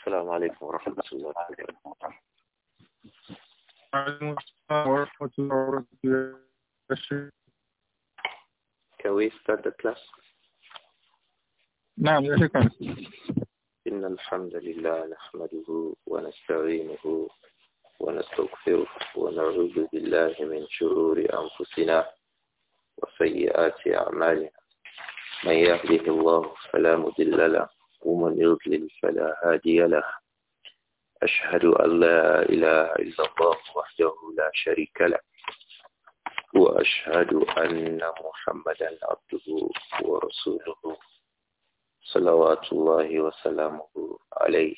السلام عليكم ورحمة الله وبركاته وعليكم السلام ورحمة الله وبركاته Can we start the class? نعم يا شكرا إن الحمد لله نحمده ونستعينه ونستغفره ونعوذ بالله من شرور أنفسنا وسيئات أعمالنا من يهده الله فلا مضل له ومن يضلل فلا هادي له أشهد أن لا إله إلا الله وحده لا شريك له وأشهد أن محمدا عبده ورسوله صلوات الله وسلامه عليه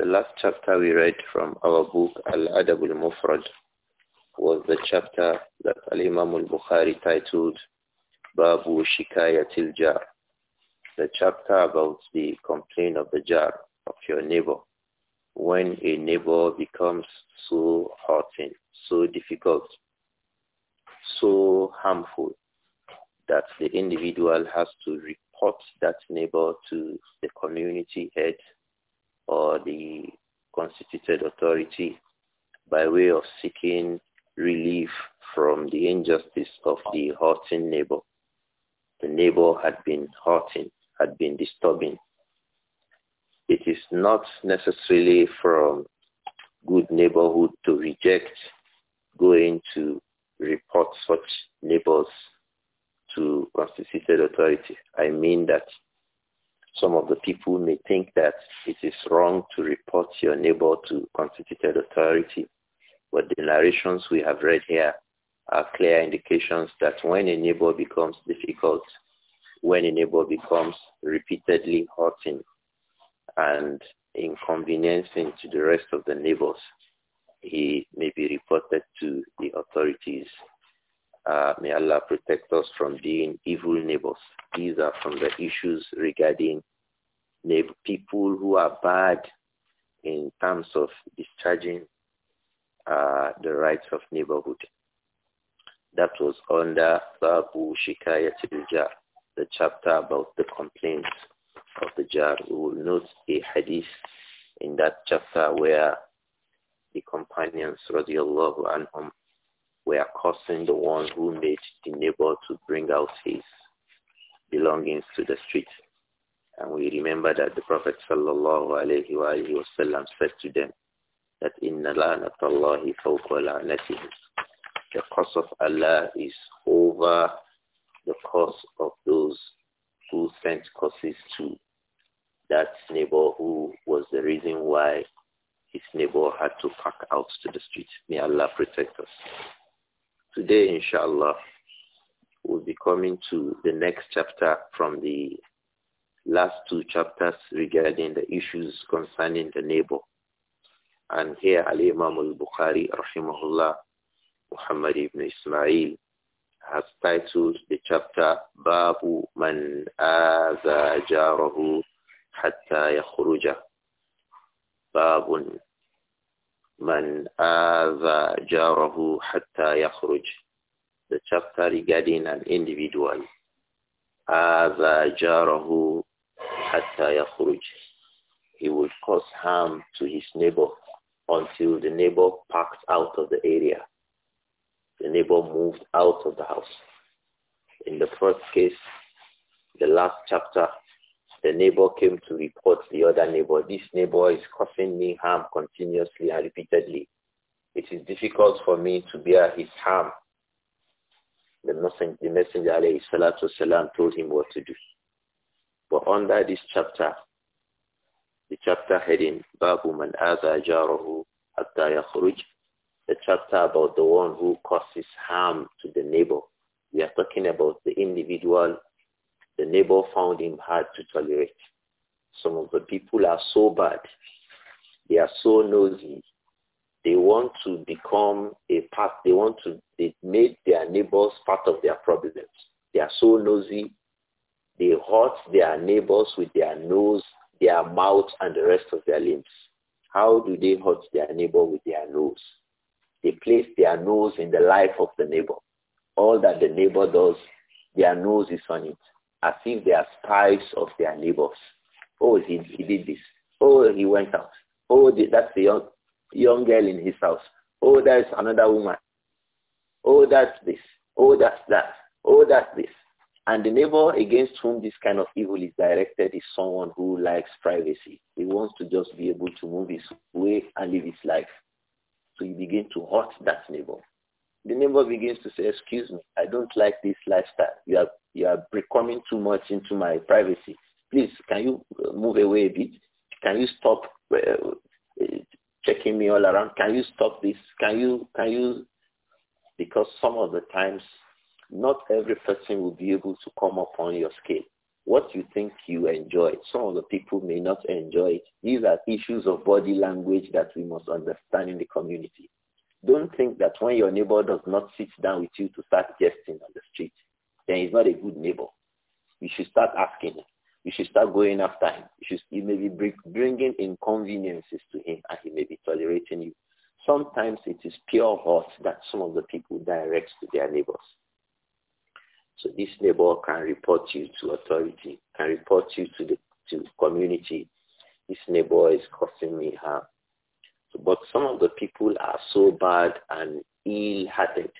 The last chapter we read from our book Al-Adab al-Mufrad was the chapter that Al-Imam al-Bukhari titled Babu Shikayatil Jar the chapter about the complaint of the jar of your neighbor. When a neighbor becomes so hurting, so difficult, so harmful that the individual has to report that neighbor to the community head or the constituted authority by way of seeking relief from the injustice of the hurting neighbor. The neighbor had been hurting had been disturbing. It is not necessarily from good neighborhood to reject going to report such neighbors to constituted authority. I mean that some of the people may think that it is wrong to report your neighbor to constituted authority, but the narrations we have read here are clear indications that when a neighbor becomes difficult when a neighbor becomes repeatedly hurting and inconveniencing to the rest of the neighbors, he may be reported to the authorities. Uh, may Allah protect us from being evil neighbors. These are from the issues regarding people who are bad in terms of discharging uh, the rights of neighborhood. That was under Babu Shikaya al the chapter about the complaints of the jar, we will note a hadith in that chapter where the companions radiallahu anhum were cursing the one who made the neighbor to bring out his belongings to the street. And we remember that the Prophet sallallahu alayhi wa sallam said to them that inna la'natallahi fawqa la'natihim. The curse of Allah is over the cause of those who sent curses to that neighbor who was the reason why his neighbor had to pack out to the street. May Allah protect us. Today, inshallah, we'll be coming to the next chapter from the last two chapters regarding the issues concerning the neighbor. And here, Al-Imam al-Bukhari, rahimahullah, Muhammad ibn Ismail, has titled the chapter Babu Man Aza Jarahu Hatta Yakhruja. Babun Man Aza Jarahu Hatta Yakhruj. The chapter regarding an individual. Aza Jarahu Hatta Yakhruj. He will cause harm to his neighbor until the neighbor packs out of the area the neighbor moved out of the house. In the first case, the last chapter, the neighbor came to report the other neighbor. This neighbor is causing me harm continuously and repeatedly. It is difficult for me to bear his harm. The messenger, the messenger alayhi salatu salam, told him what to do. But under this chapter, the chapter heading, Babu man aza jarahu hatta yakhruj, the chapter about the one who causes harm to the neighbor. We are talking about the individual the neighbor found him hard to tolerate. Some of the people are so bad. They are so nosy. They want to become a part. They want to, they make their neighbors part of their problems. They are so nosy. They hurt their neighbors with their nose, their mouth, and the rest of their limbs. How do they hurt their neighbor with their nose? They place their nose in the life of the neighbor. All that the neighbor does, their nose is on it, as if they are spies of their neighbors. Oh, he, he did this. Oh, he went out. Oh, that's the young, young girl in his house. Oh, there's another woman. Oh, that's this. Oh, that's that. Oh, that's this. And the neighbor against whom this kind of evil is directed is someone who likes privacy. He wants to just be able to move his way and live his life. So you begin to hurt that neighbor. The neighbor begins to say, excuse me, I don't like this lifestyle. You are, you are becoming too much into my privacy. Please, can you uh, move away a bit? Can you stop uh, uh, checking me all around? Can you stop this? Can you, can you? Because some of the times, not every person will be able to come up on your scale. What you think you enjoy, some of the people may not enjoy it. These are issues of body language that we must understand in the community. Don't think that when your neighbor does not sit down with you to start jesting on the street, then he's not a good neighbor. You should start asking him. You should start going after him. You, should, you may be bringing inconveniences to him and he may be tolerating you. Sometimes it is pure hurt that some of the people direct to their neighbors this neighbor can report you to authority, can report you to the to community. This neighbor is causing me harm. but some of the people are so bad and ill-hearted.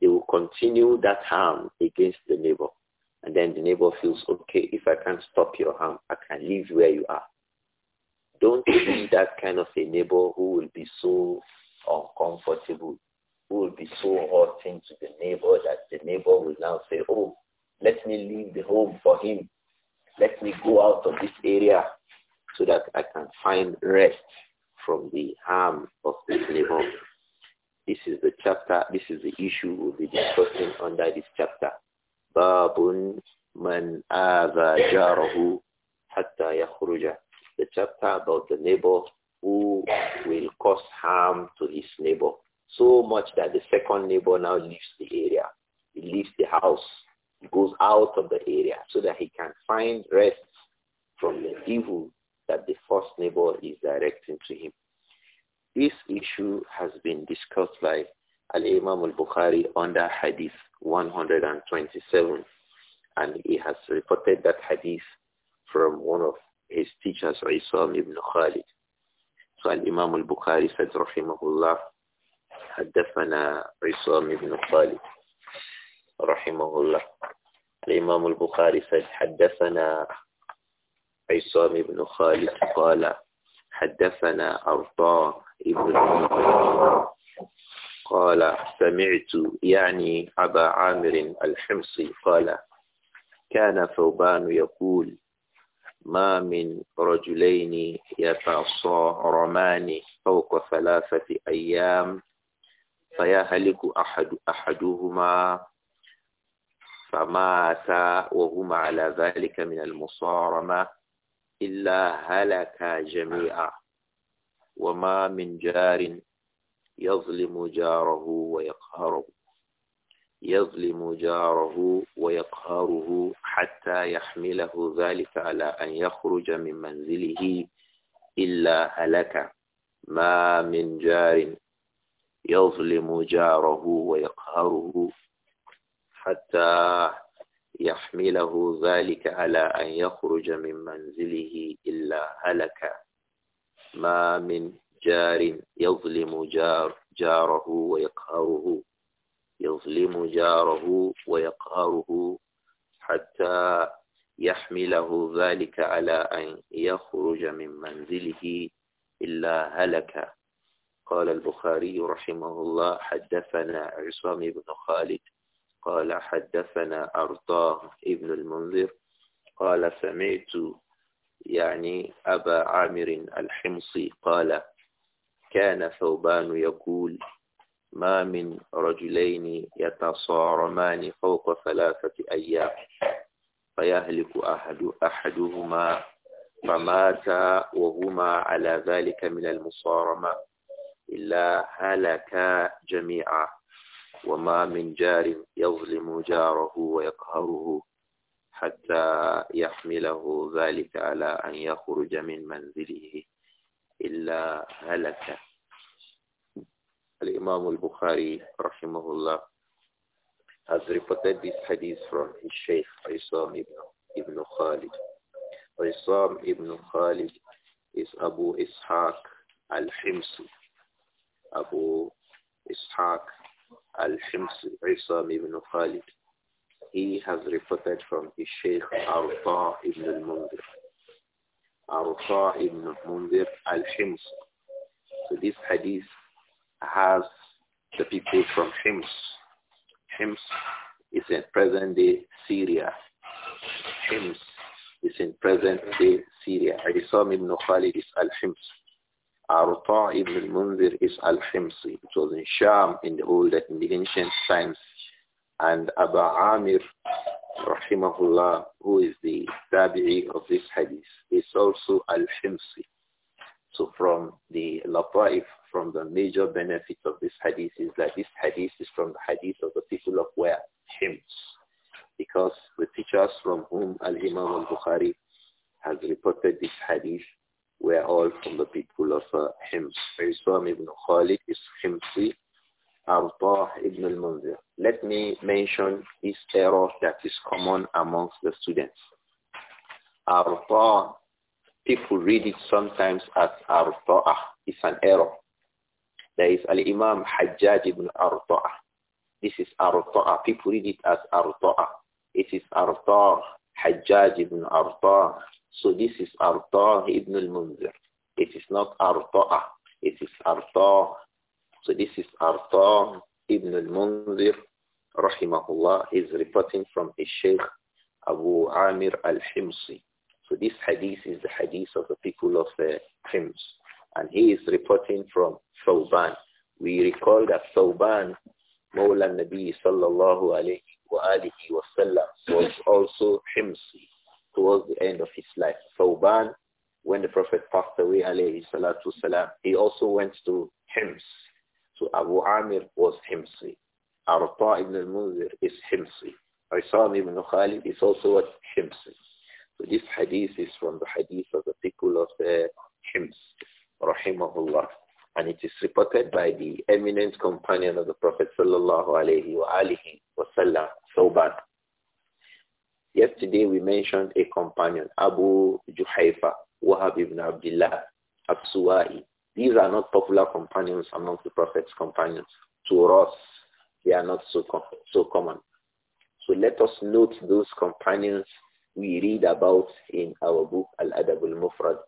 They will continue that harm against the neighbor. And then the neighbor feels, okay, if I can stop your harm, I can leave where you are. Don't be that kind of a neighbor who will be so uncomfortable will be so hurting to the neighbor that the neighbor will now say, oh, let me leave the home for him. Let me go out of this area so that I can find rest from the harm of this neighbor. This is the chapter, this is the issue we'll be discussing under this chapter. Babun man jarahu hatta yakhruja. The chapter about the neighbor who will cause harm to his neighbor so much that the second neighbor now leaves the area. He leaves the house. He goes out of the area so that he can find rest from the evil that the first neighbor is directing to him. This issue has been discussed by Al-Imam al-Bukhari under Hadith 127 and he has reported that Hadith from one of his teachers, Isam ibn Khalid. So Al-Imam al-Bukhari said, Rahimahullah, حدثنا عصام بن خالد رحمه الله الإمام البخاري حدثنا عصام بن خالد قال حدثنا أرطاء ابن قال سمعت يعني أبا عامر الحمصي قال كان ثوبان يقول ما من رجلين يتصارمان فوق ثلاثة أيام فيهلك أحد أحدهما فمات وهما على ذلك من المصارمة إلا هلك جميعا وما من جار يظلم جاره ويقهره يظلم جاره ويقهره حتى يحمله ذلك على أن يخرج من منزله إلا هلك ما من جار يظلم جاره ويقهره حتى يحمله ذلك على أن يخرج من منزله إلا هلك ما من جار يظلم جار جاره ويقهره يظلم جاره ويقهره حتى يحمله ذلك على أن يخرج من منزله إلا هلك قال البخاري رحمه الله حدثنا عصام بن خالد قال حدثنا أرطاء ابن المنذر قال سمعت يعني أبا عامر الحمصي قال كان ثوبان يقول ما من رجلين يتصارمان فوق ثلاثة أيام فيهلك أحد أحدهما فمات وهما على ذلك من المصارمة إلا هلك جميعا وما من جار يظلم جاره ويقهره حتى يحمله ذلك على أن يخرج من منزله إلا هلك الإمام البخاري رحمه الله has reported this hadith from his sheikh Isam ibn, ibn Khalid. Isam ibn Khalid is Abu Ishaq al-Himsi. Abu Ishaq al-Shims Isam ibn Khalid. He has reported from his Sheikh Arta ibn al-Mundir. Arta ibn al Mundir al-Shims. So this hadith has the people from Shims. Shims is in present-day Syria. Shims is in present-day Syria. Isam ibn Khalid is al-Shims. Arta ibn al-Munzir is al-Himsi. It was in Sham in the old, in the ancient times. And Abu Amir, rahimahullah, who is the tabi'i of this hadith, is also al-Himsi. So from the Lataif, from the major benefit of this hadith is that this hadith is from the hadith of the people of where? Hims. Because the teachers from whom Al-Imam al-Bukhari has reported this hadith were all from the people of uh, Hims. ibn Khalid is Himsi, Arbah ibn al-Munzir. Let me mention this error that is common amongst the students. Arbah, people read it sometimes as Arbah. It's an error. There is Al-Imam Hajjaj ibn Arbah. This is Arbah. People read it as Arbah. It is Arbah, Hajjaj ibn Arbah. So this is Artah ibn al-Munzir. It is not Artah. It is Artah. So this is Artah ibn al-Munzir, rahimahullah. is reporting from his sheikh Abu Amir al-Himsi. So this hadith is the hadith of the people of the uh, Hims. And he is reporting from Thawban. We recall that Thawban, Mawla Nabi sallallahu alayhi wa alihi wa sallam, was also Himsi towards the end of his life. Thawban, when the Prophet passed away, alayhi salatu salam, he also went to Hims. So Abu Amir was Himsi. Arta ibn al-Munzir is Himsi. Isam ibn Khalid is also a Himsi. So this hadith is from the hadith of the people of the Hims, rahimahullah. And it is reported by the eminent companion of the Prophet sallallahu alayhi wa alihi wa sallam, Thawban. Yesterday we mentioned a companion, Abu Juhaifa, Wahab ibn Abdullah, Absuwa'i. These are not popular companions among the Prophet's companions. To us, they are not so, com so common. So let us note those companions we read about in our book, Al-Adab al-Mufrad,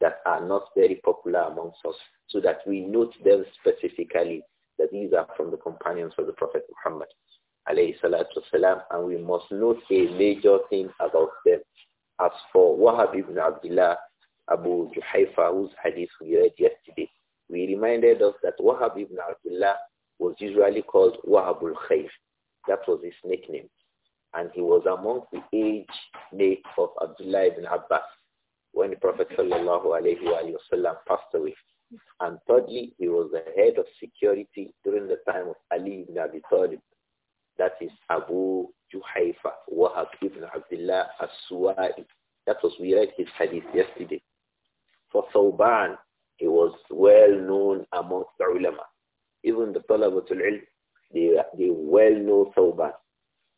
that are not very popular amongst us, so that we note them specifically that these are from the companions of the Prophet Muhammad and we must note a major thing about them. As for Wahab ibn Abdullah, Abu Juhayfa, whose hadith we read yesterday, we reminded us that Wahab ibn Abdullah was usually called Wahabul Khayf. That was his nickname. And he was among the age mates of Abdullah ibn Abbas when the Prophet sallallahu passed away. And thirdly, he was the head of security during the time of Ali ibn Abi Talib that is Abu Juhayfa Wahab ibn Abdullah al suwai That was, we read his hadith yesterday. For Thawban, he was well known amongst the ulama. Even the Talabatul Ilm, they, they well know Thawban,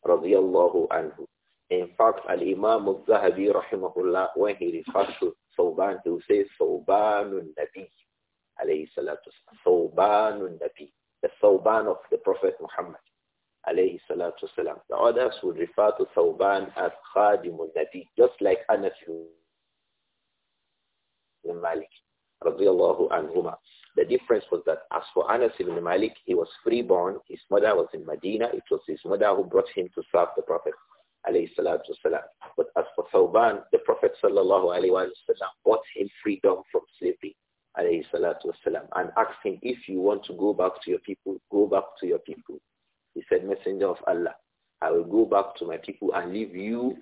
radiyallahu anhu. In fact, Al-Imam al-Zahabi, rahimahullah, when he refers to Thawban, he will say Thawbanun Nabi, alayhi salatu Thawbanun Nabi, the Thawban of the Prophet Muhammad, alayhi salatu wasalam. The others would refer to Thawban as Khadimul Nabi, just like Anas ibn Malik, radiallahu anhuma. The difference was that as for Anas ibn Malik, he was freeborn. His mother was in Medina. It was his mother who brought him to serve the Prophet, alayhi salatu wasalam. But as for Thawban, the Prophet, sallallahu alayhi wa bought him freedom from slavery alayhi salatu wasalam, and asked him, if you want to go back to your people, go back to your people. He said, Messenger of Allah, I will go back to my people and leave you.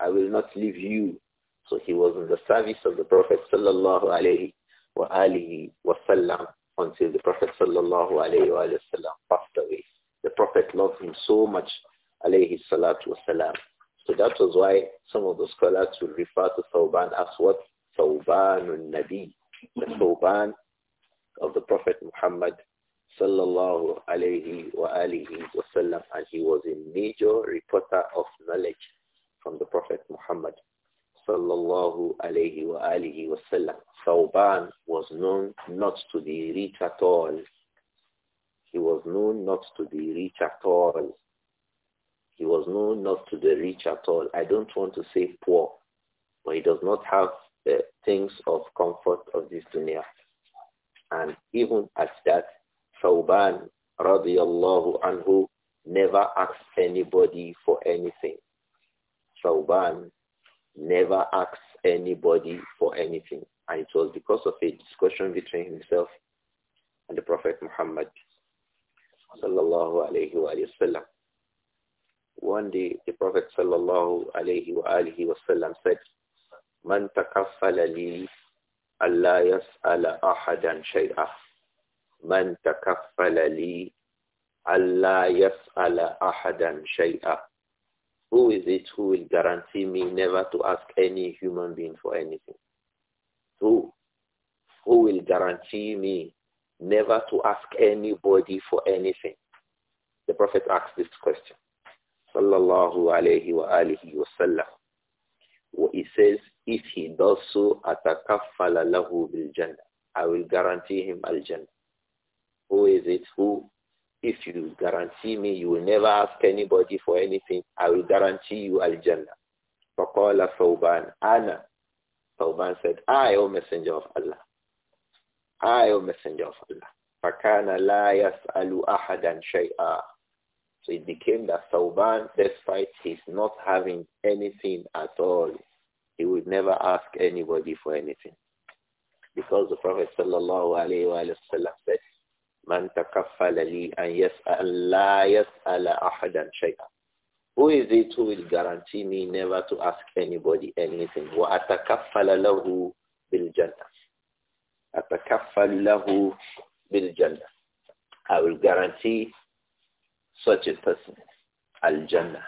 I will not leave you. So he was in the service of the Prophet sallallahu alayhi wa alihi wasallam until the Prophet sallallahu alayhi wa sallam passed away. The Prophet loved him so much alayhi salatu wasalam. So that was why some of the scholars will refer to Thawban as what? Thawbanun Nabi, the Thawban of the Prophet Muhammad sallallahu alayhi wa alihi wasallam, and he was a major reporter of knowledge from the Prophet Muhammad sallallahu alayhi wa alihi wasallam. Sauban was known not to be rich at all. He was known not to be rich at all. He was known not to be rich at all. I don't want to say poor, but he does not have the uh, things of comfort of this dunya. And even at that, Thawban radiallahu anhu never asked anybody for anything. Sauban, never asked anybody for anything. And it was because of a discussion between himself and the Prophet Muhammad sallallahu alayhi wa sallam. One day the Prophet sallallahu alayhi wa alihi wa sallam said, Man takaffala li alla yas'ala ahadan shay'ah من تكفل لي ألا يسأل أحدا شيئا Who is it who will guarantee me never to ask any human being for anything? Who? Who will guarantee me never to ask anybody for anything? The Prophet asked this question. Sallallahu alayhi wa alihi wa sallam. He says, if he does so, أَتَكَفَّلَ I will guarantee him al-Jannah. Who is it? Who? If you guarantee me you will never ask anybody for anything, I will guarantee you Al-Jannah. فَقَالَ ثَوْبَانَ أَنَا Tauban said, I, O Messenger of Allah. I, O Messenger of Allah. فَكَانَ لَا يَسْأَلُ أَحَدًا شَيْئًا So it became that Tauban, despite his not having anything at all, he would never ask anybody for anything. Because the Prophet sallallahu alaihi wasallam said, Man takaffala li an yas'al la yas'ala ahadan shay'an. Who is it who will guarantee me never to ask anybody anything? Wa atakaffala lahu bil jannah. Atakaffal lahu bil jannah. I will guarantee such a person al jannah.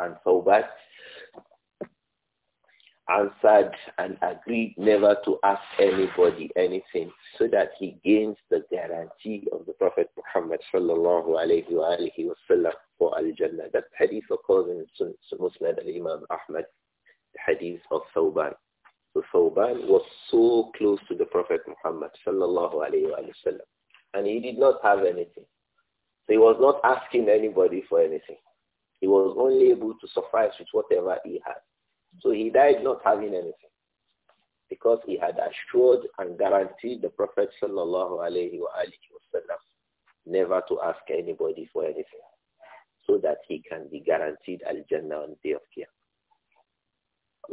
And so that answered and agreed never to ask anybody anything so that he gains the guarantee of the Prophet Muhammad sallallahu alayhi wa alihi wa sallam for al-Jannah. That hadith occurs in Sun Muslim al-Imam Ahmad, the hadith of Thawban. So Thawban was so close to the Prophet Muhammad sallallahu alayhi wa, alayhi wa sallam and he did not have anything. So he was not asking anybody for anything. He was only able to suffice with whatever he had. So he died not having anything because he had assured and guaranteed the Prophet sallallahu alaihi wasallam never to ask anybody for anything so that he can be guaranteed al-Jannah on day of Qiyamah.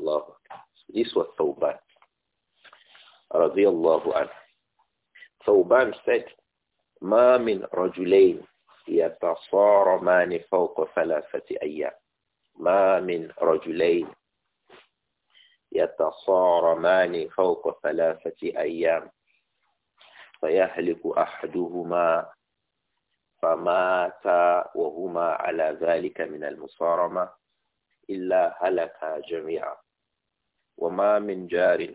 Allah. So this was Thawban. Radiallahu anhu. Thawban said, ما من رجلين يتصارمان فوق ثلاثة أيام ما من رجلين يتصارمان فوق ثلاثة أيام فيهلك أحدهما فمات وهما على ذلك من المصارمة إلا هلكا جميعا وما من جار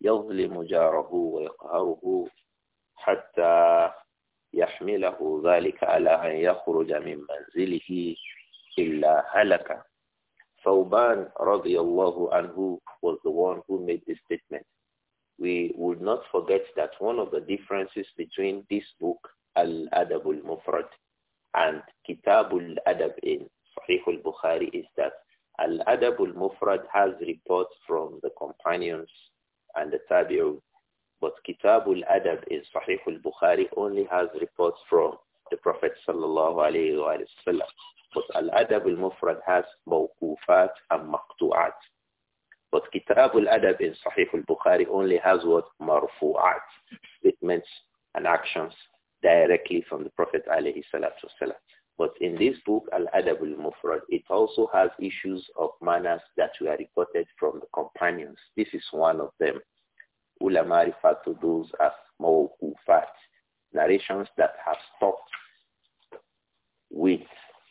يظلم جاره ويقهره حتى يحمله ذلك على أن يخرج من منزله إلا هلك Thawban radiallahu anhu was the one who made this statement. We would not forget that one of the differences between this book, Al-Adab al-Mufrad, and Kitabul adab in Sahih al-Bukhari is that Al-Adab al-Mufrad has reports from the companions and the tabi'un, but Kitabul adab in Sahih al-Bukhari only has reports from the Prophet sallallahu alayhi wa sallam. But Al-Adab al-Mufrad has mawkufat and maqtu'at. But Kitab al-Adab in Sahih al-Bukhari only has what marfu'at, statements and actions directly from the Prophet alayhi salatu wasalam. But in this book, Al-Adab al-Mufrad, it also has issues of manners that were reported from the companions. This is one of them. Ulama refer to those as mawkufat, narrations that have stopped with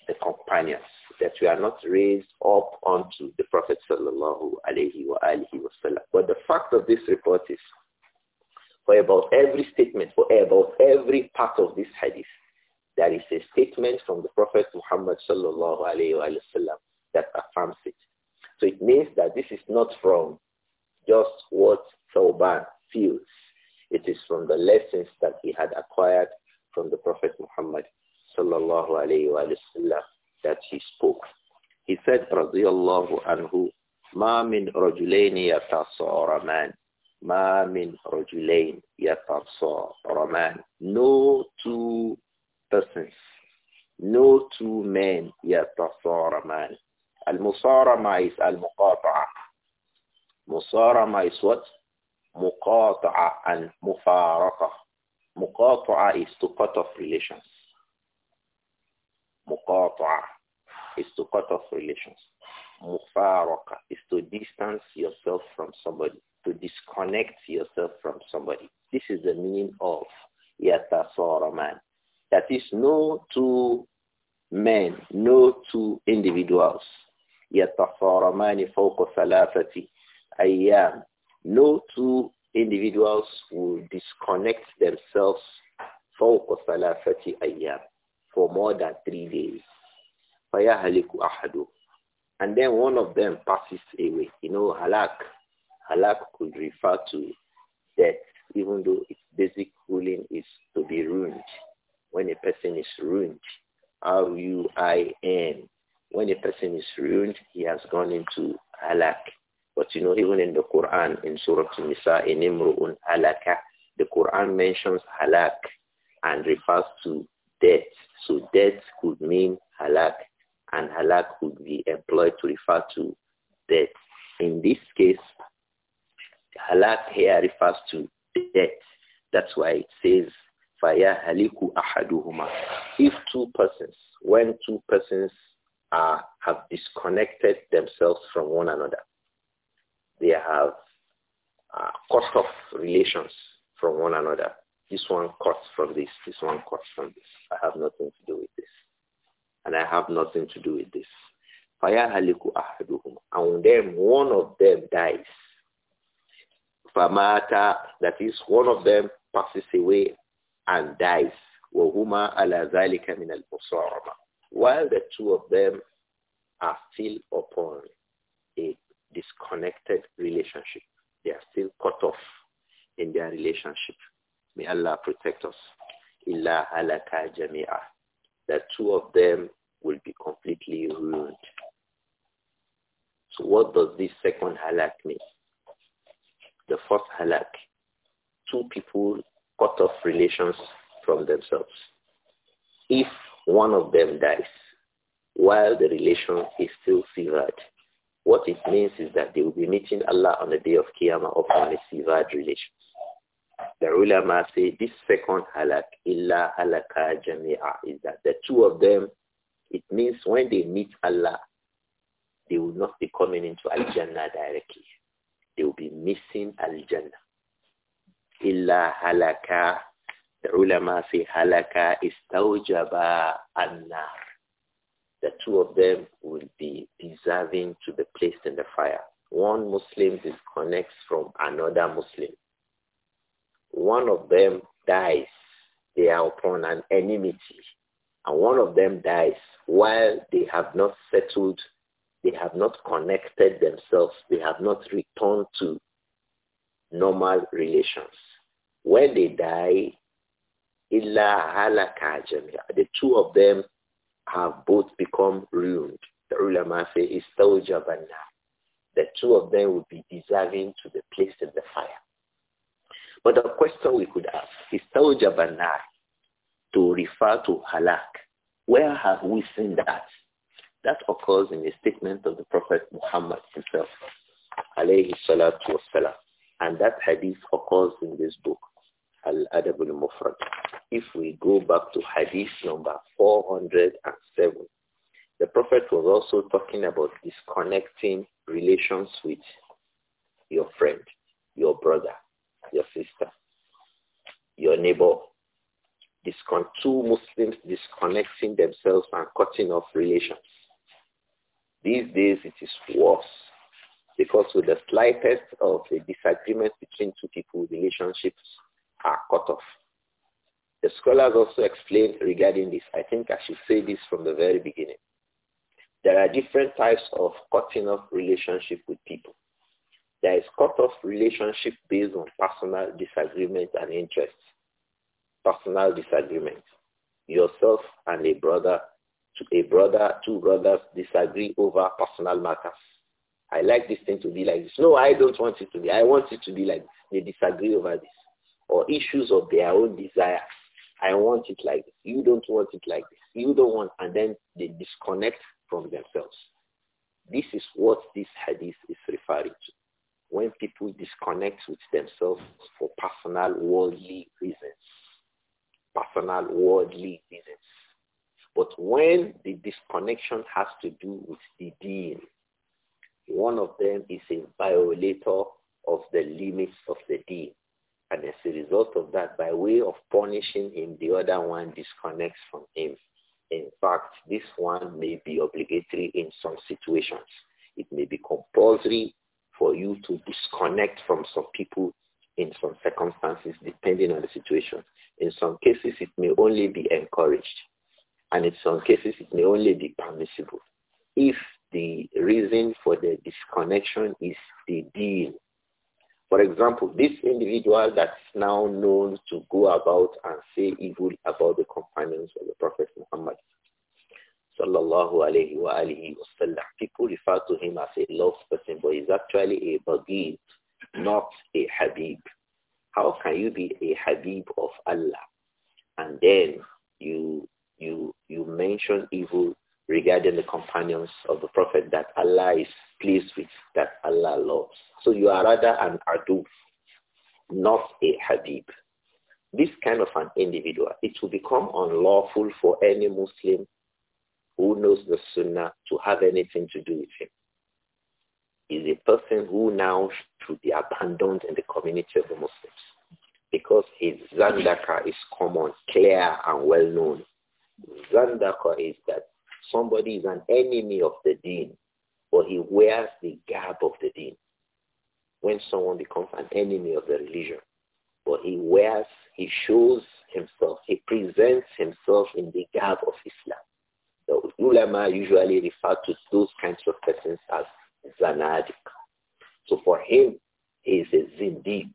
the companions that we are not raised up unto the Prophet sallallahu alaihi wasallam. But the fact of this report is, for about every statement, for about every part of this hadith, there is a statement from the Prophet Muhammad sallallahu alaihi wasallam that affirms it. So it means that this is not from just what Thawban feels. It is from the lessons that he had acquired from the Prophet Muhammad sallallahu alayhi wa sallam that he spoke. He said, radiyallahu anhu, ma min rajulaini yatasaraman. Ma min rajulain yatasaraman. No two persons, no two men yatasaraman. Al-musarama is al-muqata'a. Musarama is what? Muqata'a and mufaraqa. Muqata'a is to cut off relations. Muqata'a is to cut off relations. Mufaraka is to distance yourself from somebody, to disconnect yourself from somebody. This is the meaning of Yatasaraman. That is no two men, no two individuals. Yatasaramani fawqa thalathati ayyam. No two individuals will disconnect themselves fawqa thalathati ayyam for more than three days. And then one of them passes away. You know, halak. Halak could refer to death, even though its basic ruling is to be ruined. When a person is ruined, R-U-I-N. When a person is ruined, he has gone into halak. But you know, even in the Quran, in Surah Nisa, in Imru'un halak, the Quran mentions halak and refers to death so death could mean halak, and halak could be employed to refer to death. In this case, halak here refers to death. That's why it says فَيَهَلِكُ أَحَدُهُمَا If two persons, when two persons are, have disconnected themselves from one another, they have uh, cut off relations from one another. This one cuts from this. This one cuts from this. I have nothing to do with this. And I have nothing to do with this. فَيَهَلِكُ أَحَدُهُمْ And then one of them dies. فَمَاتَ That is, one of them passes away and dies. وَهُمَا عَلَى ذَلِكَ مِنَ While the two of them are still upon a disconnected relationship. They are still cut off in their relationship. May Allah protect us. Illa halaka That two of them will be completely ruined. So what does this second halak mean? The first halak, two people cut off relations from themselves. If one of them dies while the relation is still severed, what it means is that they will be meeting Allah on the day of Qiyamah upon a severed relation. The ulama say this second halak, illa halaka jami'a, is that the two of them, it means when they meet Allah, they will not be coming into Al-Jannah directly. They will be missing Al-Jannah. Illa halaka, the ulama say halaka istawjaba an-nar. The two of them will be deserving to be placed in the fire. One Muslim disconnects from another Muslim one of them dies. They are upon an enmity. And one of them dies while they have not settled, they have not connected themselves, they have not returned to normal relations. When they die, illa halaka the two of them have both become ruined. The ulama say, The two of them will be deserving to be placed in the fire. But the question we could ask is Tawjabanar to refer to halak. Where have we seen that? That occurs in the statement of the Prophet Muhammad himself, alayhi salatu wasalam. And that hadith occurs in this book, Al-Adab al-Mufrad. If we go back to hadith number 407, the Prophet was also talking about disconnecting relations with your friend, your brother, your sister, your neighbor. Discon two Muslims disconnecting themselves and cutting off relations. These days it is worse because with the slightest of a disagreement between two people, relationships are cut off. The scholars also explained regarding this. I think I should say this from the very beginning. There are different types of cutting off relationship with people. There is cut-off relationship based on personal disagreement and interests. Personal disagreement. Yourself and a brother, a brother, two brothers disagree over personal matters. I like this thing to be like this. No, I don't want it to be. I want it to be like this. They disagree over this. Or issues of their own desire. I want it like this. You don't want it like this. You don't want, and then they disconnect from themselves. This is what this hadith is referring to when people disconnect with themselves for personal worldly reasons. Personal worldly reasons. But when the disconnection has to do with the deen, one of them is a violator of the limits of the deen. And as a result of that, by way of punishing him, the other one disconnects from him. In fact, this one may be obligatory in some situations. It may be compulsory for you to disconnect from some people in some circumstances, depending on the situation. In some cases, it may only be encouraged, and in some cases, it may only be permissible. If the reason for the disconnection is the deal. For example, this individual that's now known to go about and say evil about the companions of the Prophet Muhammad sallallahu alayhi wa alihi People refer to him as a loved person, but he's actually a bagid, not a habib. How can you be a habib of Allah and then you you you mention evil regarding the companions of the Prophet that Allah is pleased with, that Allah loves. So you are rather an adu, not a habib. This kind of an individual, it will become unlawful for any Muslim who knows the sunnah to have anything to do with him. Is a person who now should be abandoned in the community of the Muslims because his zandaka is common, clear and well known. Zandaka is that somebody is an enemy of the deen, but he wears the garb of the deen. When someone becomes an enemy of the religion, but he wears, he shows himself, he presents himself in the garb of Islam. The ulama usually refer to those kinds of persons as zanadik. So for him, he is a zindiq.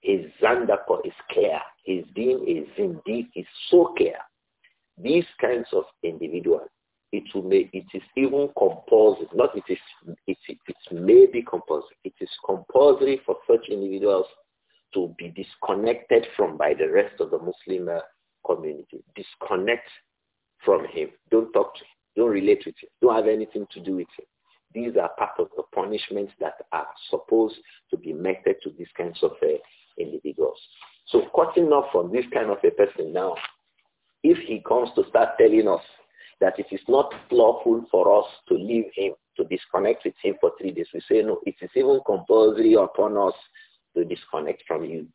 His zandako is clear. His deen is zindiq is so clear. These kinds of individuals, it will make, it is even compulsory. Not it is it, it, may be compulsory. It is compulsory for such individuals to be disconnected from by the rest of the Muslim uh, community. Disconnect from him. Don't talk to him. Don't relate with him. Don't have anything to do with him. These are part of the punishments that are supposed to be meted to these kinds of uh, individuals. So cutting off from this kind of a person now, if he comes to start telling us that it is not lawful for us to leave him, to disconnect with him for three days, we say, no, it is even compulsory upon us to disconnect from you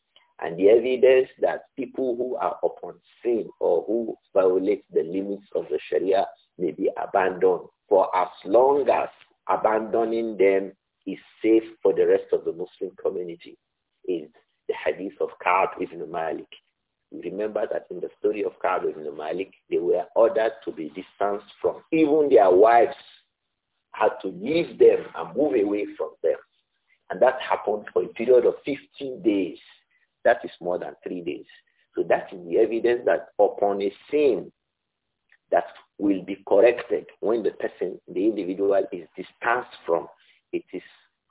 and the evidence that people who are upon sin or who violate the limits of the Sharia may be abandoned for as long as abandoning them is safe for the rest of the Muslim community is the hadith of Ka'ab ibn Malik. You remember that in the story of Ka'ab ibn Malik, they were ordered to be distanced from even their wives, had to leave them and move away from them. And that happened for a period of 15 days. That is more than three days. So that is the evidence that upon a sin that will be corrected when the person, the individual is distanced from, it is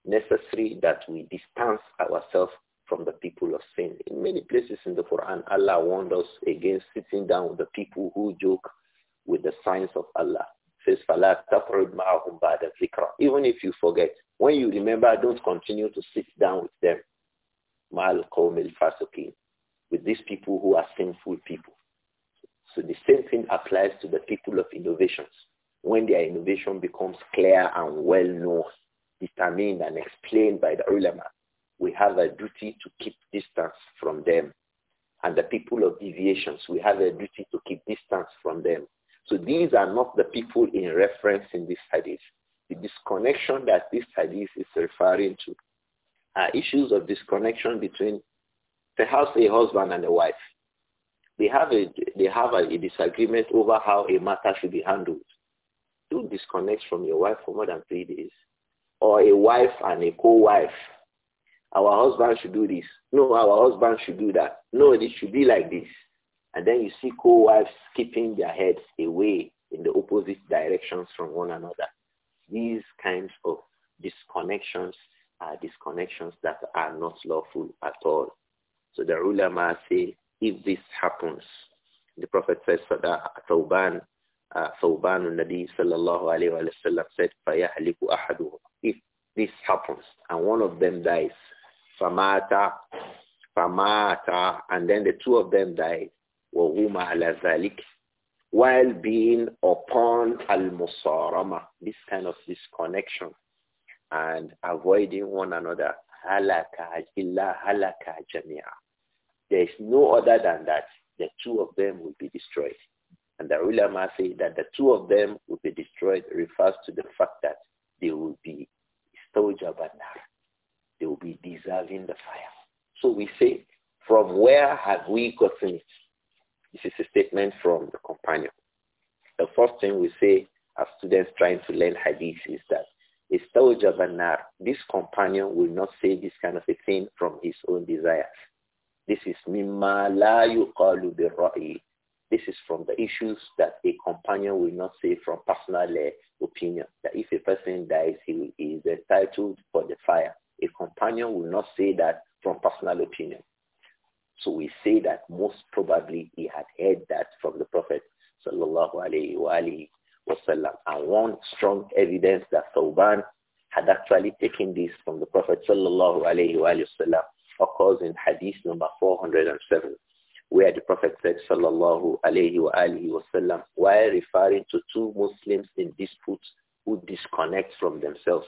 necessary that we distance ourselves from the people of sin. In many places in the Quran, Allah warned us against sitting down with the people who joke with the signs of Allah. Says, Even if you forget, when you remember, don't continue to sit down with them. With these people who are sinful people. So the same thing applies to the people of innovations. When their innovation becomes clear and well known, determined and explained by the ulama, we have a duty to keep distance from them. And the people of deviations, we have a duty to keep distance from them. So these are not the people in reference in this hadith. The disconnection that this hadith is referring to are issues of disconnection between perhaps a husband and a wife. They have a, they have a, a disagreement over how a matter should be handled. Don't disconnect from your wife for more than three days. Or a wife and a co-wife. Our husband should do this. No, our husband should do that. No, it should be like this. And then you see co-wives keeping their heads away in the opposite directions from one another. These kinds of disconnections are disconnections that are not lawful at all. So the ulama say, if this happens, the Prophet says, Thawban, uh, Thawban al-Nabi sallallahu alayhi wa sallam said, فَيَحْلِكُ أَحَدُهُمْ If this happens and one of them dies, famata, famata, and then the two of them died, وَهُمَ عَلَى ذَلِكَ while being upon al-musarama, this kind of disconnection, and avoiding one another. Halaka illa halaka jamia. There is no other than that. The two of them will be destroyed. And the ulama say that the two of them will be destroyed refers to the fact that they will be stojabanar. They will be deserving the fire. So we say, from where have we gotten it? This is a statement from the companion. The first thing we say as students trying to learn hadith is that Istawjab an This companion will not say this kind of a thing from his own desires. This is mimma la yuqalu This is from the issues that a companion will not say from personal uh, opinion. That if a person dies, he is entitled for the fire. A companion will not say that from personal opinion. So we say that most probably he had heard that from the Prophet sallallahu alaihi wasallam. And one strong evidence that Thawban had actually taken this from the Prophet sallallahu alayhi wa sallam occurs in hadith number 407 where the Prophet said sallallahu alayhi wa alihi wasallam while referring to two Muslims in dispute who disconnect from themselves.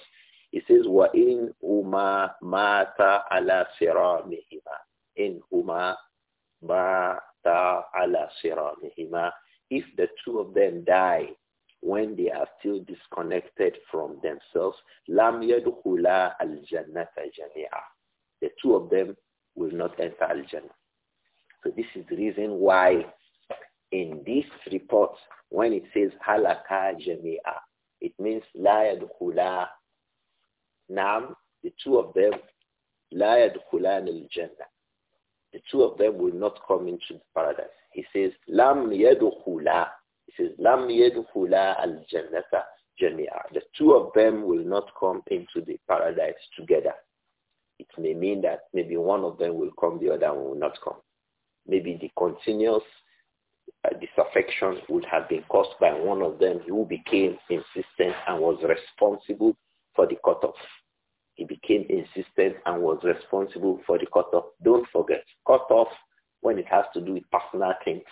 He says wa in huma mata ala siramihima in huma mata ala siramihima if the two of them die when they are still disconnected from themselves, lam yadkhula al-jannata jami'a. The two of them will not enter al-jannah. So this is the reason why in this report, when it says halaka jami'a, it means la yadkhula. Nam, the two of them, la yadkhulan al-jannah. The two of them will not come into the paradise. He says, lam yadkhula he says, Lam yedhula al jannata jamia. The two of them will not come into the paradise together. It may mean that maybe one of them will come, the other one will not come. Maybe the continuous uh, disaffection would have been caused by one of them who became insistent and was responsible for the cutoff. He became insistent and was responsible for the cutoff. Don't forget, cutoff when it has to do with personal things,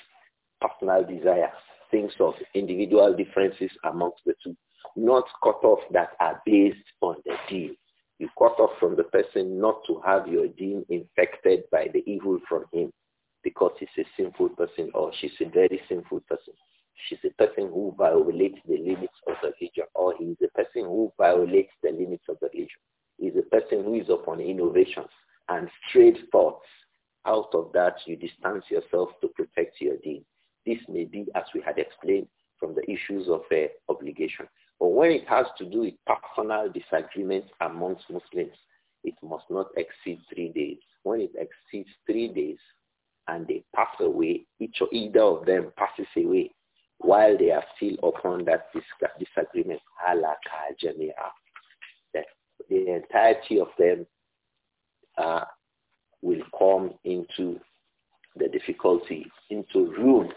personal desires, things of individual differences amongst the two, not cut off that are based on the deen. You cut off from the person not to have your deen infected by the evil from him because he's a sinful person or she's a very sinful person. She's a person who violates the limits of the religion or he's a person who violates the limits of the religion. He's a person who is upon innovations and strange thoughts. Out of that, you distance yourself to protect your deen. This may be, as we had explained, from the issues of uh, obligation. But when it has to do with personal disagreement amongst Muslims, it must not exceed three days. When it exceeds three days and they pass away, each or either of them passes away while they are still upon that disagreement, that the entirety of them uh, will come into the difficulty, into ruin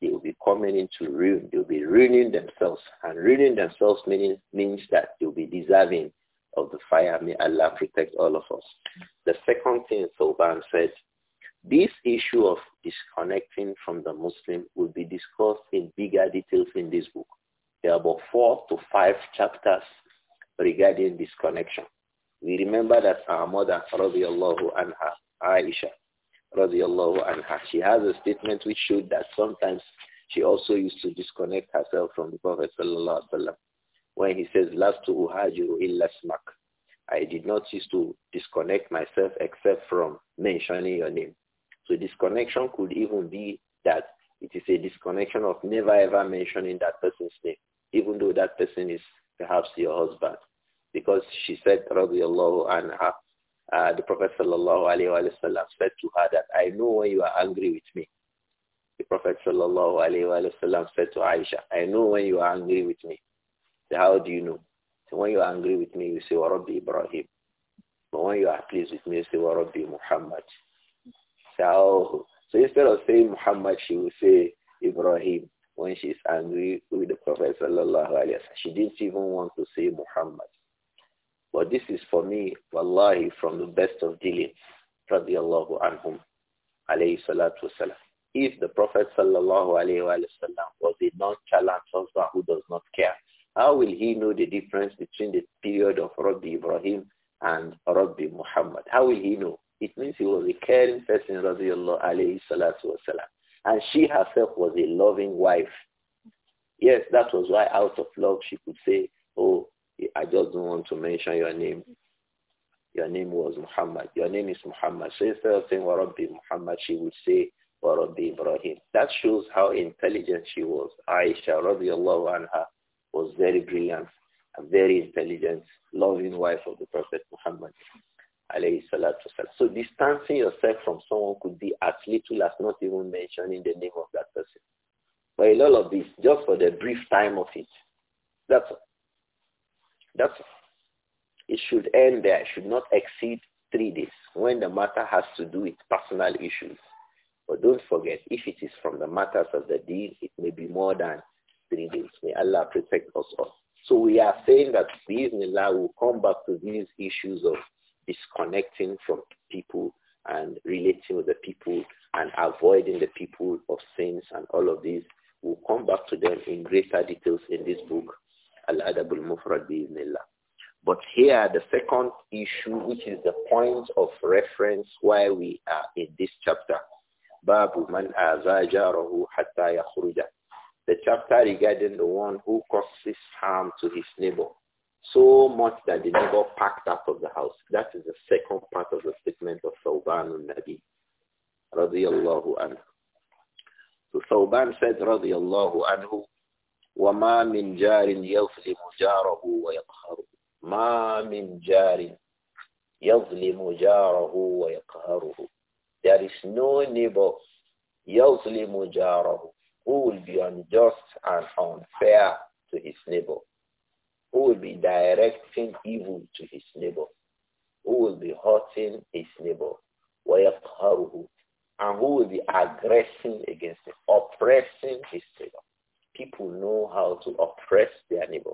they will be coming into ruin. They will be ruining themselves. And ruining themselves meaning, means that they will be deserving of the fire. May Allah protect all of us. The second thing Soban said, this issue of disconnecting from the Muslim will be discussed in bigger details in this book. There are about four to five chapters regarding disconnection. We remember that our mother, radiallahu anha, Aisha, radiallahu anha. She has a statement which showed that sometimes she also used to disconnect herself from the Prophet sallallahu alaihi wasallam when he says, "Lastu uhajiru illa smak." I did not used to disconnect myself except from mentioning your name. So disconnection could even be that it is a disconnection of never ever mentioning that person's name, even though that person is perhaps your husband. Because she said, radiallahu anha, uh, the Prophet sallallahu alaihi wasallam said to her that I know when you are angry with me. The Prophet sallallahu alaihi wasallam said to Aisha, I know when you are angry with me. So how do you know? So when you are angry with me, you say Warabi Ibrahim. But when you are pleased with me, you say Warabi Muhammad. So, so instead of saying Muhammad, she will say Ibrahim when she is angry with the Prophet sallallahu alaihi wasallam. She didn't even want to say Muhammad. But this is for me, wallahi, from the best of dealings, radiallahu anhum, alayhi salatu wasalam. If the Prophet sallallahu alayhi wa sallam was a nonchalant husband who does not care, how will he know the difference between the period of Rabbi Ibrahim and Rabbi Muhammad? How will he know? It means he was a caring person, radiallahu alayhi salatu wasalam. And she herself was a loving wife. Yes, that was why out of love she could say, oh, I just don't want to mention your name. Your name was Muhammad. Your name is Muhammad. So instead of saying Warabi Muhammad, she would say Warabi Ibrahim. That shows how intelligent she was. Aisha radiallahu anha was very brilliant, and very intelligent, loving wife of the Prophet Muhammad. So distancing yourself from someone could be as little as not even mentioning the name of that person. But a lot of this, just for the brief time of it, that's all. That it should end there. It should not exceed three days when the matter has to do with personal issues. But don't forget, if it is from the matters of the deen, it may be more than three days. May Allah protect us all. So we are saying that Allah, will come back to these issues of disconnecting from people and relating with the people and avoiding the people of sins and all of these. We'll come back to them in greater details in this book, Al-Adab al-Mufrad But here, the second issue, which is the point of reference why we are in this chapter, Babu man azajarahu hatta yakhruja. The chapter regarding the one who causes harm to his neighbor, so much that the neighbor packed out of the house. That is the second part of the statement of Thawban al-Nabi, radiyallahu anhu. So Thawban said, radiyallahu anhu, وَمَا مِنْ جَارٍ يَظْلِمُ جَارَهُ وَيَقْهَرُهُ مَا مِنْ جَارٍ يَظْلِمُ جَارَهُ وَيَقْهَرُهُ There is no neighbor يَظْلِمُ جَارَهُ who will be unjust and unfair to his neighbor, who will be directing evil to his neighbor, who will be hurting his neighbor, وَيَقْهَرُهُ and who will be aggressing against him, oppressing his neighbor people know how to oppress their neighbor.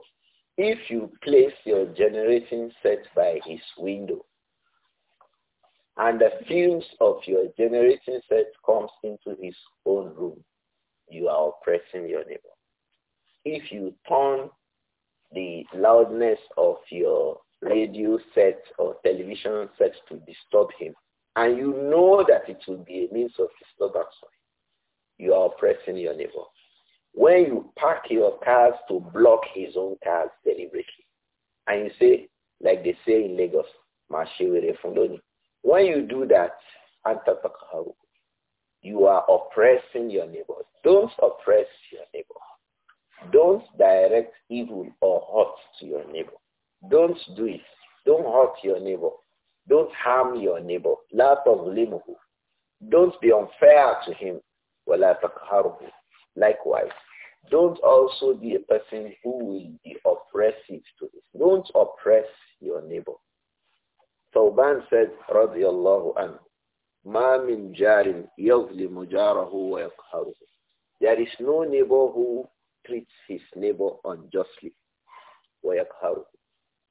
If you place your generating set by his window and the fumes of your generating set comes into his own room, you are oppressing your neighbor. If you turn the loudness of your radio set or television set to disturb him, and you know that it will be a means of disturbance, you are oppressing your neighbor. When you park your cars to block his own cars deliberately, and you say, like they say in Lagos, when you do that, you are oppressing your neighbors. Don't oppress your neighbor. Don't direct evil or hurt to your neighbor. Don't do it. Don't hurt your neighbor. Don't harm your neighbor. La tazlimuhu. Don't be unfair to him. وَلَا تَقْهَرُهُ Likewise, don't also be a person who will be oppressive to this. Don't oppress your neighbor. Thawban said, radiyallahu anhu, ma min jarin yazlimu jarahu wa yakharuhu. There is no neighbor who treats his neighbor unjustly wa yakharuhu,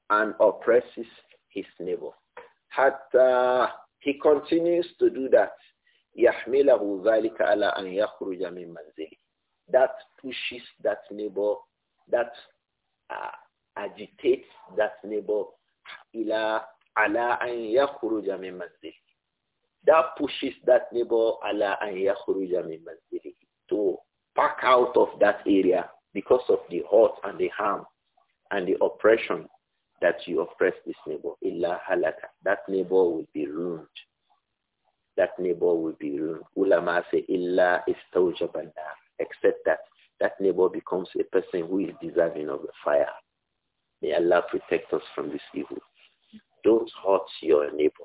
and oppresses his neighbor. Hatta he continues to do that. يحمله ذلك على أن يخرج من منزله that pushes that neighbor, that uh, agitates that neighbor That pushes that neighbor ala an to pack out of that area because of the hurt and the harm and the oppression that you oppress this neighbor. That neighbor will be ruined. That neighbor will be ruined. Ulama say illa istawjabannar except that that neighbor becomes a person who is deserving of the fire. May Allah protect us from this evil. Don't hurt your neighbor.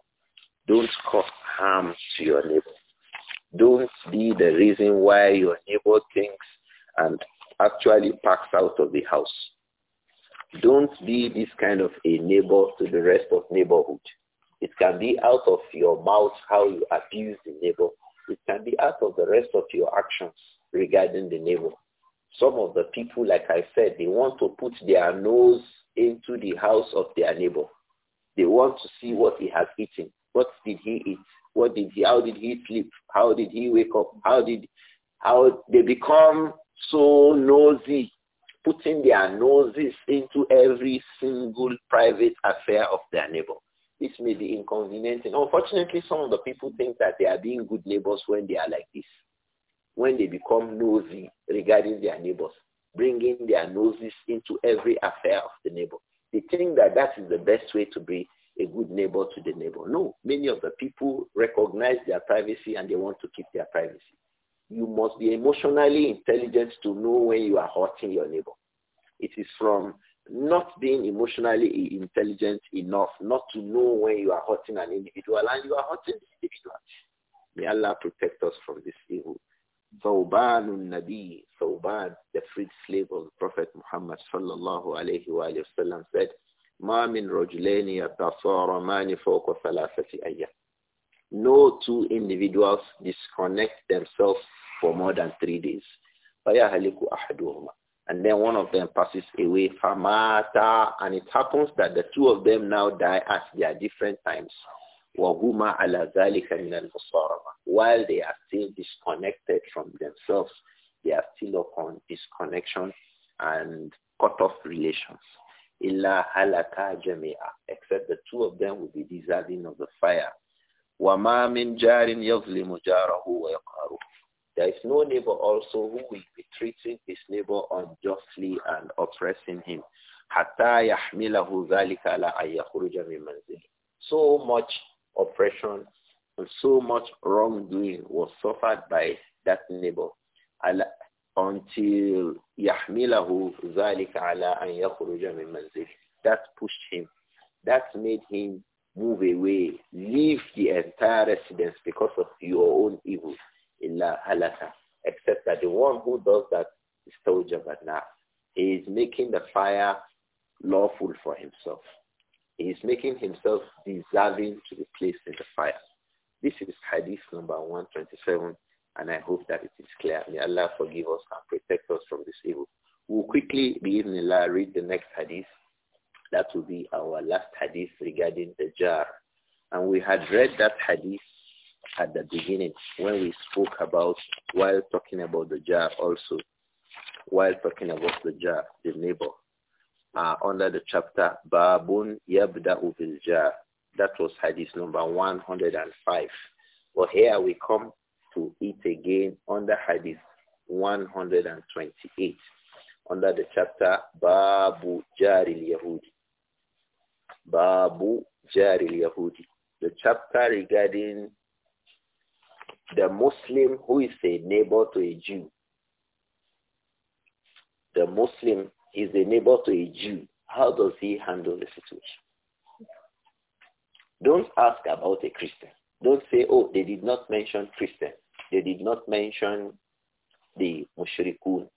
Don't cause harm to your neighbor. Don't be the reason why your neighbor thinks and actually packs out of the house. Don't be this kind of a neighbor to the rest of neighborhood. It can be out of your mouth how you abuse the neighbor. It can be out of the rest of your actions regarding the neighbor. Some of the people, like I said, they want to put their nose into the house of their neighbor. They want to see what he has eaten. What did he eat? What did he, how did he sleep? How did he wake up? How did, how they become so nosy, putting their noses into every single private affair of their neighbor. This may be inconvenient. And unfortunately, some of the people think that they are being good neighbors when they are like this when they become nosy regarding their neighbors, bringing their noses into every affair of the neighbor. They think that that is the best way to be a good neighbor to the neighbor. No, many of the people recognize their privacy and they want to keep their privacy. You must be emotionally intelligent to know when you are hurting your neighbor. It is from not being emotionally intelligent enough not to know when you are hurting an individual and you are hurting the individual. May Allah protect us from this evil. Thawban al-Nabi, the freed slave of the Prophet Muhammad sallallahu alayhi wa sallam said, ما من رجلين يتصارمان فوق ثلاثة أيام. No two individuals disconnect themselves for more than three days. فيهلك أحدهما. And then one of them passes away. فمات. And it happens that the two of them now die at their different times. وَهُمَا عَلَى ذَلِكَ مِنَ الْمُصَارَمَةِ While they are still disconnected from themselves, they are still upon disconnection and cut-off relations. إِلَّا هَلَكَ جَمِيعًا Except the two of them will be deserving of the fire. وَمَا مِنْ جَارٍ يَظْلِمُ جَارَهُ وَيَقْهَرُهُ There is no neighbor also who will be treating his neighbor unjustly and oppressing him. حَتَّى يَحْمِلَهُ ذَلِكَ لَا أَن يَخْرُجَ مِنْ مَنْزِلِهِ So much oppression, and so much wrongdoing was suffered by that neighbor until يحمله ذلك ala أن يخرج min manzil That pushed him. That made him move away, leave the entire residence because of your own evil. إلا هلكا. Except that the one who does that is told He is making the fire lawful for himself. He is making himself deserving to be placed in the fire. This is hadith number 127, and I hope that it is clear. May Allah forgive us and protect us from this evil. We'll quickly, bi'idhnillah, read the next hadith. That will be our last hadith regarding the jar. And we had read that hadith at the beginning when we spoke about, while talking about the jar also, while talking about the jar, the neighbor uh, under the chapter Babun Yabda'u Biljar. That was hadith number 105. But here we come to it again under hadith 128 under the chapter Babu Jaril Yahudi. Babu Jaril Yahudi. The chapter regarding the Muslim who is a neighbor to a Jew. The Muslim is a neighbor to a Jew, how does he handle the situation? Don't ask about a Christian. Don't say, oh, they did not mention Christian. They did not mention the Mushrikun.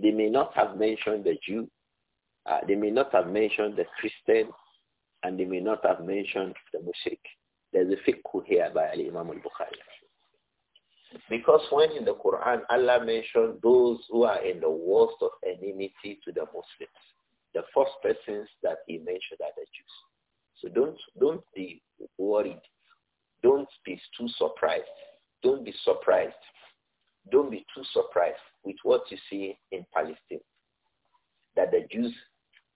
They may not have mentioned the Jew. Uh, they may not have mentioned the Christian. And they may not have mentioned the Mushrik. There's a fiqh here by Imam al-Bukhari. Because when in the Quran, Allah mentioned those who are in the worst of enmity to the Muslims, the first persons that he mentioned are the Jews. So don't, don't be worried. Don't be too surprised. Don't be surprised. Don't be too surprised with what you see in Palestine. That the Jews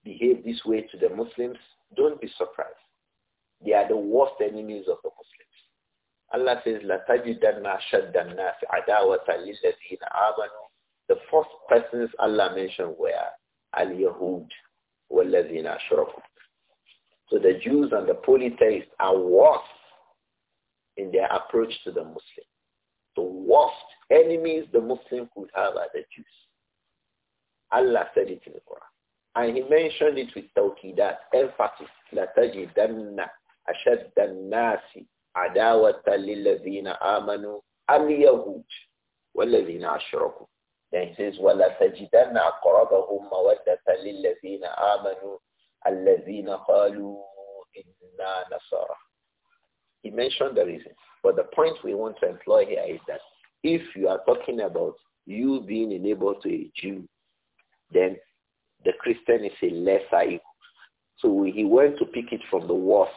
behave this way to the Muslims, don't be surprised. They are the worst enemies of the Muslims. Allah says, لَتَجِدَنَّ أَشَدَّ النَّاسِ عَدَاوَةً لِلَّذِينَ آمَنُوا The first persons Allah mentioned were Al-Yahud وَالَّذِينَ أَشْرَكُوا So the Jews and the polytheists are worse in their approach to the Muslim. The worst enemies the Muslim could have are the Jews. Allah said it in the Quran. And he mentioned it with tawqidat, emphasis. لَتَجِدَنَّ أَشَدَّ النَّاسِ عداوة للذين آمنوا اليهود والذين أشركوا Then he says, وَلَتَجِدَنَّ أَقْرَبَهُمْ مَوَدَّةً لِلَّذِينَ آمَنُوا الَّذِينَ قَالُوا إِنَّا نَصَارَى He mentioned the reason. But the point we want to employ here is that if you are talking about you being a neighbor to a Jew, then the Christian is a lesser equal. So he went to pick it from the worst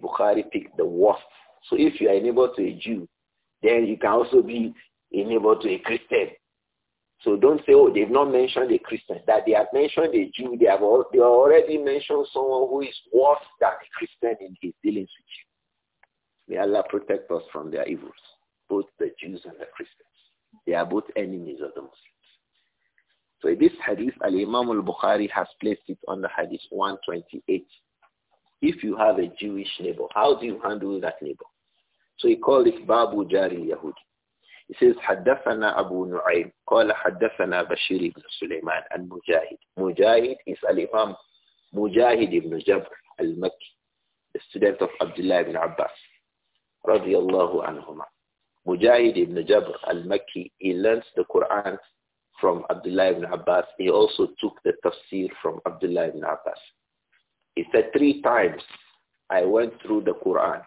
Bukhari picked the worst. So if you are a neighbor to a Jew, then you can also be a neighbor to a Christian. So don't say, oh, they've not mentioned a Christian. That they have mentioned a Jew, they have all, they already mentioned someone who is worse than a Christian in his dealings with you. May Allah protect us from their evils, both the Jews and the Christians. They are both enemies of the Muslims. So in this hadith, Al-Imam al-Bukhari has placed it on the hadith 128. If you have a Jewish neighbor, how do you handle that neighbor? So he called it Babu Jari Yahudi. He says, حدثنا أبو نعيم قال حدثنا بشير بن سليمان المجاهد. Mujahid is al-Imam Mujahid ibn Jabr al-Makki, the student of Abdullah ibn Abbas, رضي الله عنهما. Mujahid ibn Jabr al-Makki, he learns the Quran from Abdullah ibn Abbas. He also took the tafsir from Abdullah ibn Abbas. He said, three times I went through the Quran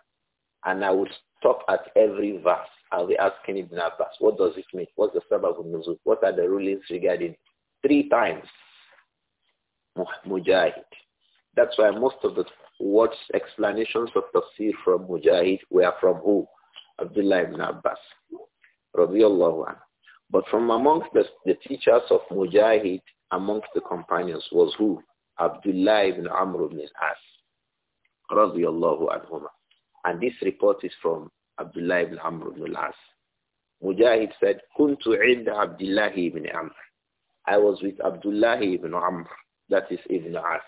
and I would stop at every verse. I'll be asking Ibn Abbas, what does it mean? What's the sabab of nuzul? What are the rulings regarding three times? Mujahid. That's why most of the words, explanations of tafsir from Mujahid were from who? Abdullah ibn Abbas. But from amongst the, the teachers of Mujahid, amongst the companions, was who? Abdullah ibn Amr ibn al-As, radiyallahu anhuma. And this report is from Abdullah ibn Amr ibn al-As. Mujahid said, Kuntu inda Abdullah ibn Amr. I was with Abdullah ibn Amr, that is Ibn As,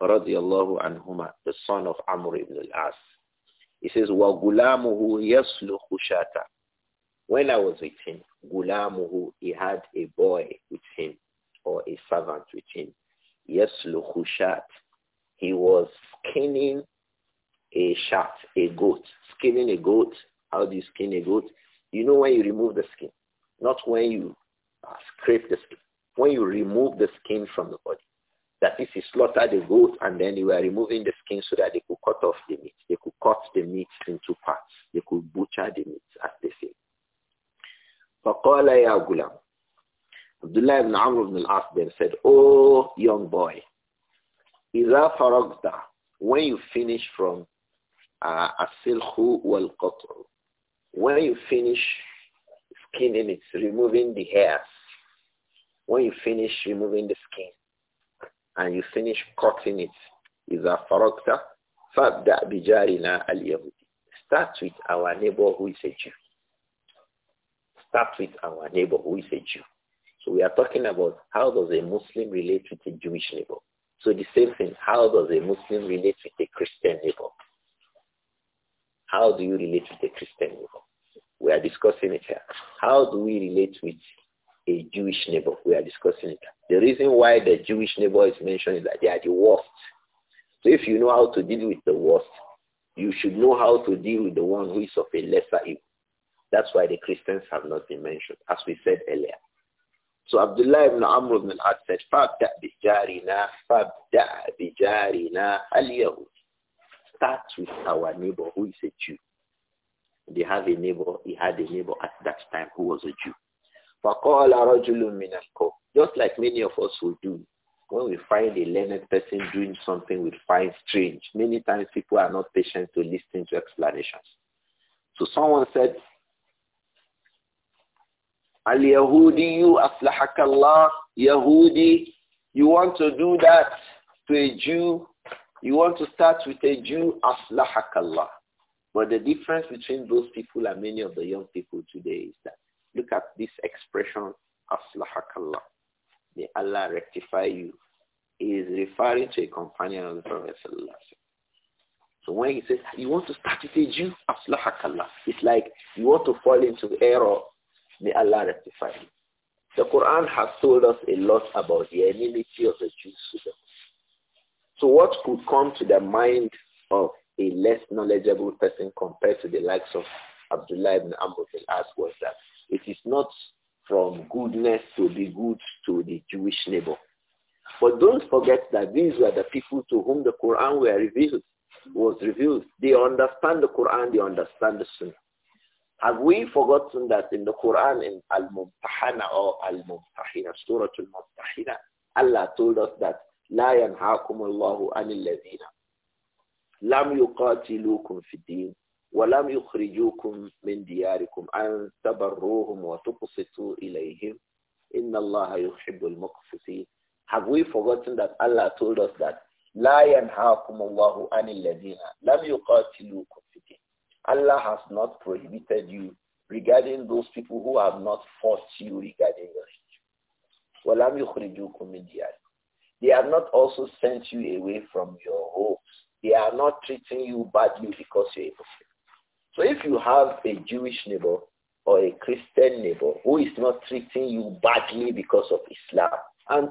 radiyallahu anhuma, the son of Amr ibn al-As. He says, When I was with him, غُلَامُهُ, he had a boy with him, or a servant with him. Yesluhu Shat. He was skinning a shat, a goat. Skinning a goat. How do you skin a goat? You know when you remove the skin, not when you uh, scrape the skin. When you remove the skin from the body. That is, he slaughtered the goat and then you were removing the skin so that they could cut off the meat. They could cut the meat into parts. They could butcher the meat, as they say. فقال يا غلام Abdullah ibn Amr ibn al-As then said, Oh, young boy, إِذَا فَرَغْتَ When you finish from uh, السلخ When you finish skinning it, removing the hairs, when you finish removing the skin and you finish cutting it, إِذَا فَرَغْتَ فَابْدَأْ بِجَارِنَا الْيَهُودِ Start with our neighbor who is a Jew. Start with our neighbor who is a Jew. So we are talking about how does a Muslim relate with a Jewish neighbor. So the same thing, how does a Muslim relate with a Christian neighbor? How do you relate with a Christian neighbor? We are discussing it here. How do we relate with a Jewish neighbor? We are discussing it. The reason why the Jewish neighbor is mentioned is that they are the worst. So if you know how to deal with the worst, you should know how to deal with the one who is of a lesser evil. That's why the Christians have not been mentioned, as we said earlier. So Abdullah ibn Amr ibn al-As said, فَابْدَأْ بِجَارِنَا فَابْدَأْ بِجَارِنَا الْيَهُودِ Start with our neighbor who is a Jew. They have a neighbor, he had a neighbor at that time who was a Jew. فَقَالَ رَجُلٌ مِنَ الْقَوْمِ Just like many of us will do, when we find a learned person doing something we find strange, many times people are not patient to listen to explanations. So someone said, al you aflahakallah, Yahudi. You want to do that to a Jew, you want to start with a Jew, aflahakallah. But the difference between those people and many of the young people today is that look at this expression, aflahakallah. May Allah rectify you. He is referring to a companion of the Prophet So when he says, you want to start with a Jew, aflahakallah. It's like you want to fall into error May Allah rectify it. The Quran has told us a lot about the enmity of the Jews with them. So what could come to the mind of a less knowledgeable person compared to the likes of Abdullah ibn Amr al-As was that it is not from goodness to be good to the Jewish neighbor. But don't forget that these were the people to whom the Quran were revealed, was revealed. They understand the Quran, they understand the Sunnah. Have we forgotten that in the Quran in Al-Mumtahana or Al-Mumtahina, Surah Al-Mumtahina, Allah told us that لا ينهاكم الله عن الذين لم يقاتلوكم في الدين ولم يخرجوكم من دياركم أن تبروهم وتقسطوا إليهم إن الله يحب المقسطين Have we forgotten that Allah told us that لا ينهاكم الله عن الذين لم يقاتلوكم Allah has not prohibited you regarding those people who have not forced you regarding your religion. They have not also sent you away from your homes. They are not treating you badly because you're a Muslim. So if you have a Jewish neighbor or a Christian neighbor who is not treating you badly because of Islam, and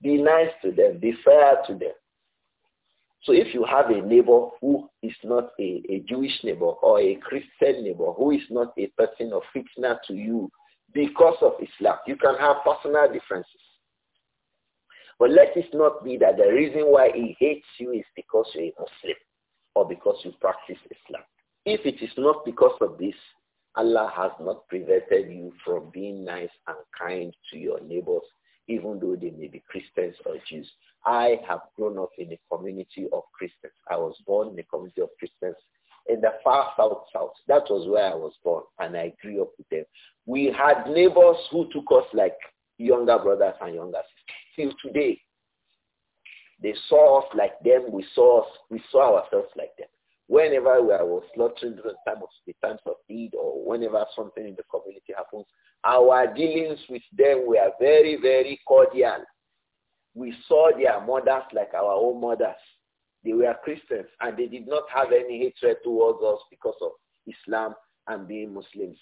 be nice to them, be fair to them. So if you have a neighbor who is not a, a Jewish neighbor or a Christian neighbor who is not a person of fitna to you because of Islam, you can have personal differences. But let it not be that the reason why he hates you is because you're a Muslim or because you practice Islam. If it is not because of this, Allah has not prevented you from being nice and kind to your neighbors, even though they may be Christians or Jews. I have grown up in a community of Christians. I was born in a community of Christians in the far south south. That was where I was born and I grew up with them. We had neighbors who took us like younger brothers and younger sisters. Till today, they saw us like them. We saw us, we saw ourselves like them. Whenever we were slaughtering during time of the times of need or whenever something in the community happens, our dealings with them were very, very cordial. We saw their mothers like our own mothers. They were Christians and they did not have any hatred towards us because of Islam and being Muslims.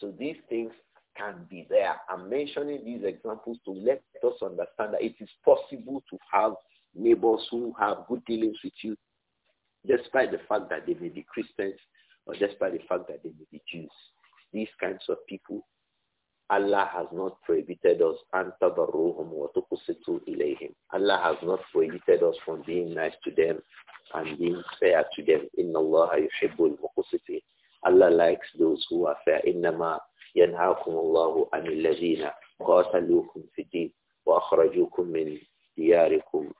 So these things can be there. I'm mentioning these examples to let us understand that it is possible to have neighbors who have good dealings with you despite the fact that they may be Christians or despite the fact that they may be Jews. These kinds of people Allah has not prohibited us Allah has not prohibited us from being nice to them and being fair to them. Inna Allah Allah likes those who are fair. Innama yanhaakum Allahu anil ladhina qataluukum fi din wa akhrajukum min diyarikum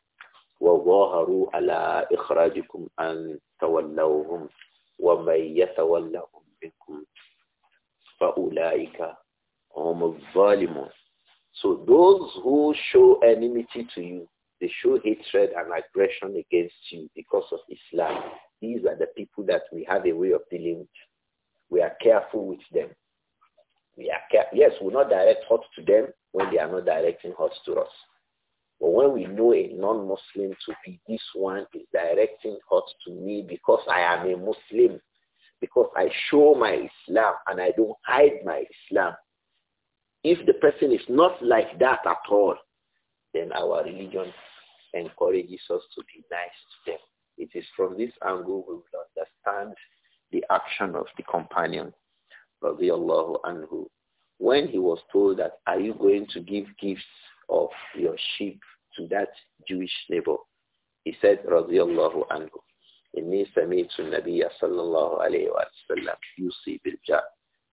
wa zaharu ala ikhrajikum an tawallawhum wa فأولئك so those who show enmity to you, they show hatred and aggression against you because of Islam. These are the people that we have a way of dealing with. We are careful with them. We are care- yes, we will not direct hurt to them when they are not directing hurt to us. But when we know a non-Muslim to be this one is directing hurt to me because I am a Muslim, because I show my Islam and I don't hide my Islam, if the person is not like that at all, then our religion encourages us to be nice to them. It is from this angle we will understand the action of the companion, radiallahu anhu, when he was told that, are you going to give gifts of your sheep to that Jewish neighbor? He said, radiallahu anhu, إني سمعت النبي صلى الله عليه وسلم يوصي بالجار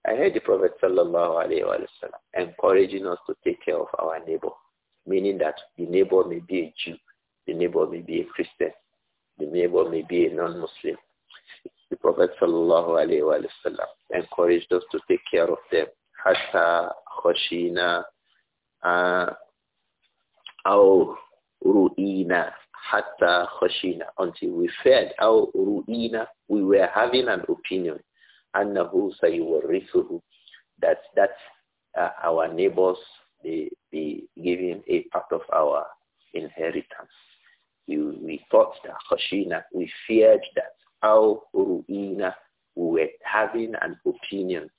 I heard the Prophet sallallahu alayhi wa sallam encouraging us to take care of our neighbor, meaning that the neighbor may be a Jew, the neighbor may be a Christian, the neighbor may be a non-Muslim. The Prophet sallallahu alayhi wa sallam encouraged us to take care of them. Hatta khashina uh, aw ru'ina hatta khashina until we feared aw ru'ina we were having an opinion أنه سيورثه that that uh, our neighbors they be given a part of our inheritance. We, we thought that Khashina, we feared that our ruina, we were having an opinion,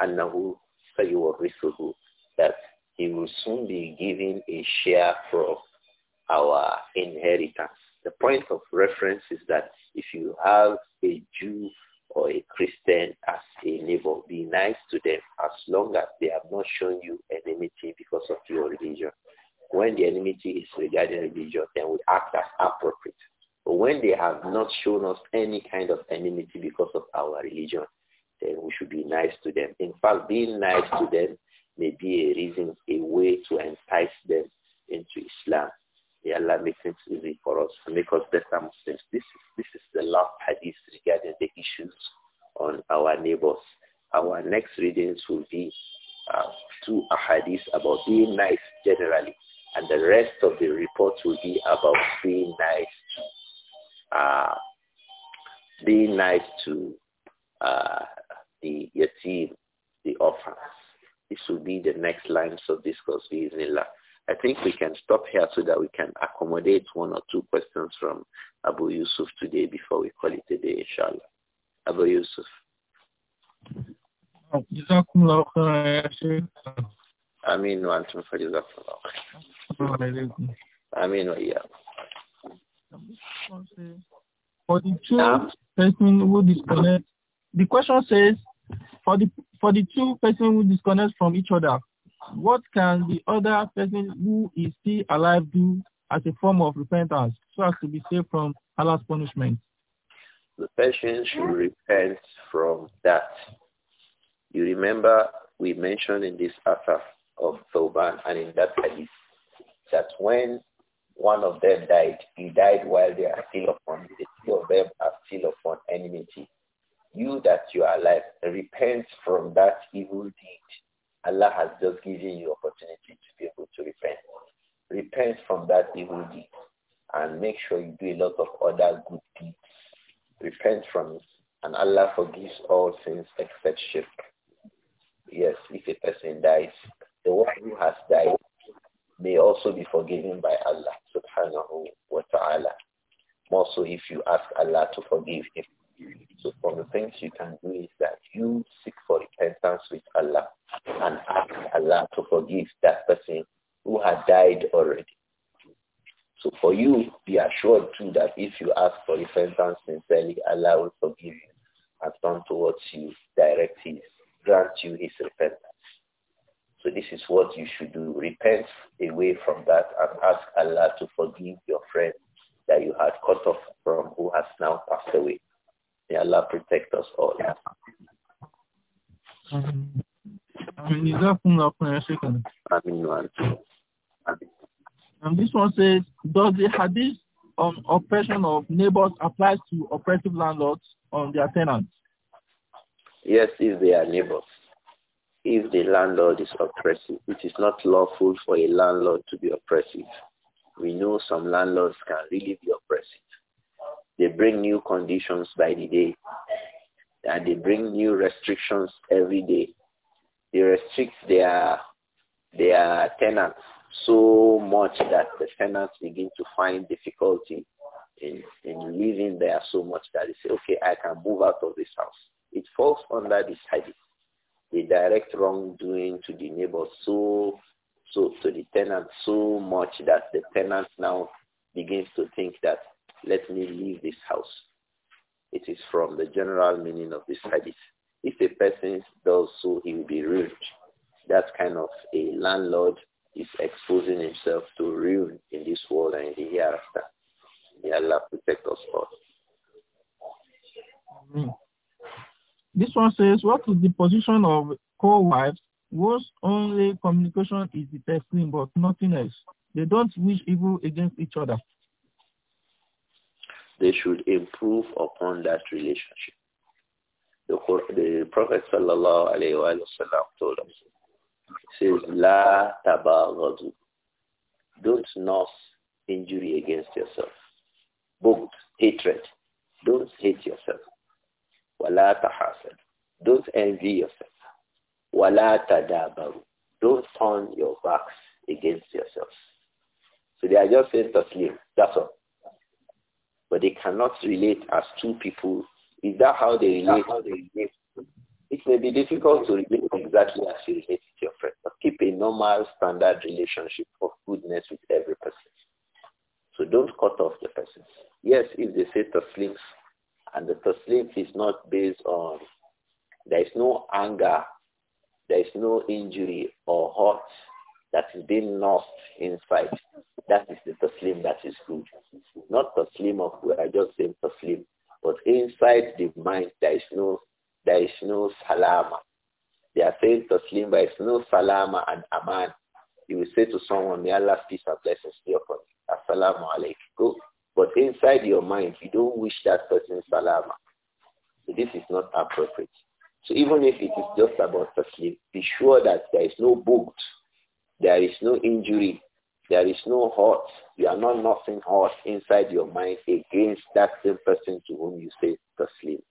أنه سيورثه that he will soon be given a share from our inheritance. The point of reference is that if you have a Jew or a Christian as a neighbor. Be nice to them as long as they have not shown you enmity because of your religion. When the enmity is regarding religion, then we act as appropriate. But when they have not shown us any kind of enmity because of our religion, then we should be nice to them. In fact, being nice to them may be a reason, a way to entice them into Islam. May Allah make things easy for us and make us better Muslims. This is, this is the last hadith regarding the issues on our neighbors. Our next readings will be uh, two hadiths about being nice generally. And the rest of the report will be about being nice to, uh, being nice to uh, the yatim, the orphans. This will be the next lines of discourse, Bismillah. I think we can stop here so that we can accommodate one or two questions from Abu Yusuf today before we call it a day, inshallah. Abu Yusuf. آمين وأنتم فجزاكم الله خير. I mean, آمين For the two person who disconnect, the question says, for the for the two person who disconnect from each other, what can the other person who is still alive do as a form of repentance so as to be saved from Allah's punishment? The person should repent from that. You remember we mentioned in this affair of Thoban and in that hadith that when one of them died, he died while they are still upon, the two of them are still upon enmity. You that you are alive, repent from that evil deed Allah has just given you opportunity to be able to repent. Repent from that evil deed and make sure you do a lot of other good deeds. Repent from it and Allah forgives all sins except shirk. Yes, if a person dies, the one who has died may also be forgiven by Allah subhanahu wa ta'ala. More so if you ask Allah to forgive him. So from the things you can do is that you seek for repentance with Allah and ask Allah to forgive that person who had died already. So for you, be assured too that if you ask for repentance sincerely, Allah will forgive you and turn towards you, direct his, grant you his repentance. So this is what you should do. Repent away from that and ask Allah to forgive your friend that you had cut off from who has now passed away. May Allah protect us all. And this one says, does the hadith on oppression of neighbors apply to oppressive landlords on their tenants? Yes, if they are neighbors. If the landlord is oppressive, it is not lawful for a landlord to be oppressive. We know some landlords can really be oppressive. They bring new conditions by the day. And they bring new restrictions every day. They restrict their, their tenants so much that the tenants begin to find difficulty in, in living there so much that they say, okay, I can move out of this house. It falls under this heading: the direct wrongdoing to the neighbors so, so to the tenant so much that the tenant now begins to think that let me leave this house. It is from the general meaning of this hadith. If a person does so, he will be ruined. That kind of a landlord is exposing himself to ruin in this world and in the hereafter. May Allah protect us all. This one says, what is the position of co-wives whose only communication is the texting but nothing else? They don't wish evil against each other. They should improve upon that relationship. The, the Prophet sallallahu told us, says, La tabaghadu. Don't nurse injury against yourself. Bughd, hatred. Don't hate yourself. Wala tahasad. Don't envy yourself. Wala tadabaru. Don't turn your backs against yourselves. So they are just saying taslim. That's all but they cannot relate as two people. Is that how they relate? How they relate? It may be difficult to relate exactly as you relate to your friend, but keep a normal standard relationship of goodness with every person. So don't cut off the person. Yes, if they say taslims, and the taslim is not based on, there is no anger, there is no injury or hurt that is being lost inside. That is the taslim that is good. Not taslim of where I just saying taslim. But inside the mind there is no there is no salama. They are saying taslim, but it's no salama and aman. You will say to someone, May Allah's peace and blessings be upon you. Assalamu alaikum. Go. But inside your mind, you don't wish that person salama. So this is not appropriate. So even if it is just about taslim, be sure that there is no boot, there is no injury there is no heart. You are not nothing heart inside your mind against that same person to whom you say taslim.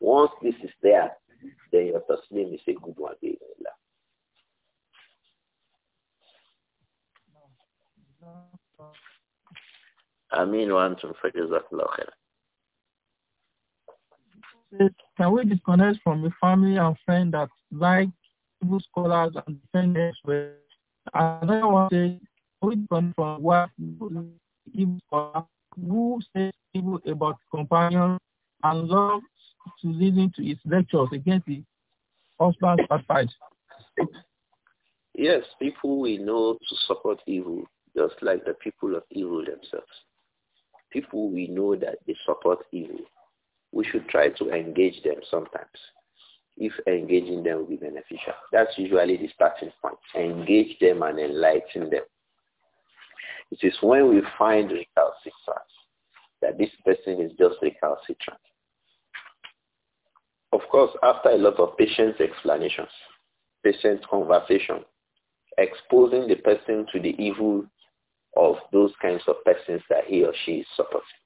Once this is there, then your taslim is a good one. Eh, Amin wa antum fajazakallah khair. Can we disconnect from the family and friend that like Hebrew scholars and defenders were? don't want to which from what evil who says evil about companions and loves to listen to his lectures against the husband's advice. Yes, people we know to support evil, just like the people of evil themselves. People we know that they support evil. We should try to engage them sometimes if engaging them will be beneficial. That's usually the starting point. Engage them and enlighten them. It is when we find recalcitrance that this person is just recalcitrant. Of course, after a lot of patient explanations, patient conversation, exposing the person to the evil of those kinds of persons that he or she is supporting.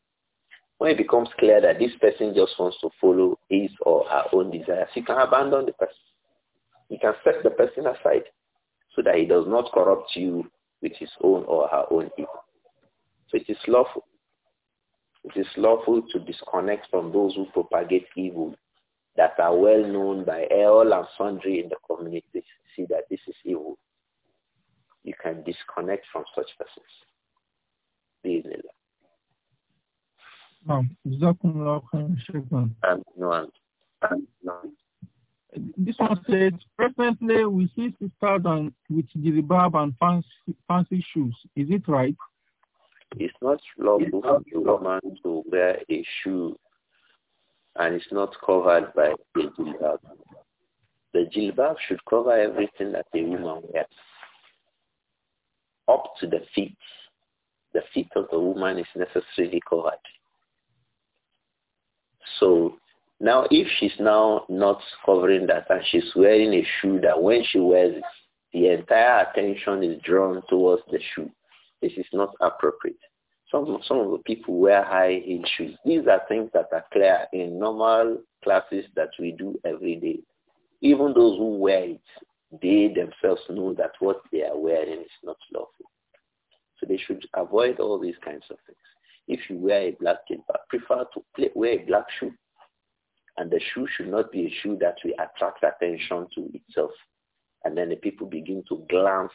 When it becomes clear that this person just wants to follow his or her own desires, you can abandon the person. You can set the person aside so that he does not corrupt you with his own or her own evil. So it is lawful. It is lawful to disconnect from those who propagate evil that are well known by all and sundry in the community see that this is evil. You can disconnect from such persons. بإذن this one says, presently we see sisters and with jilbab and fancy, fancy shoes. Is it right? It's not lawful for a woman to wear a shoe and it's not covered by the jilbab. The jilbab should cover everything that a woman wears. Up to the feet. The feet of the woman is necessarily covered. So now, if she's now not covering that and she's wearing a shoe that when she wears it, the entire attention is drawn towards the shoe. This is not appropriate. Some, some of the people wear high heel shoes. These are things that are clear in normal classes that we do every day. Even those who wear it, they themselves know that what they are wearing is not lawful. So they should avoid all these kinds of things. If you wear a black but prefer to play, wear a black shoe and the shoe should not be a shoe that will attract attention to itself. And then the people begin to glance,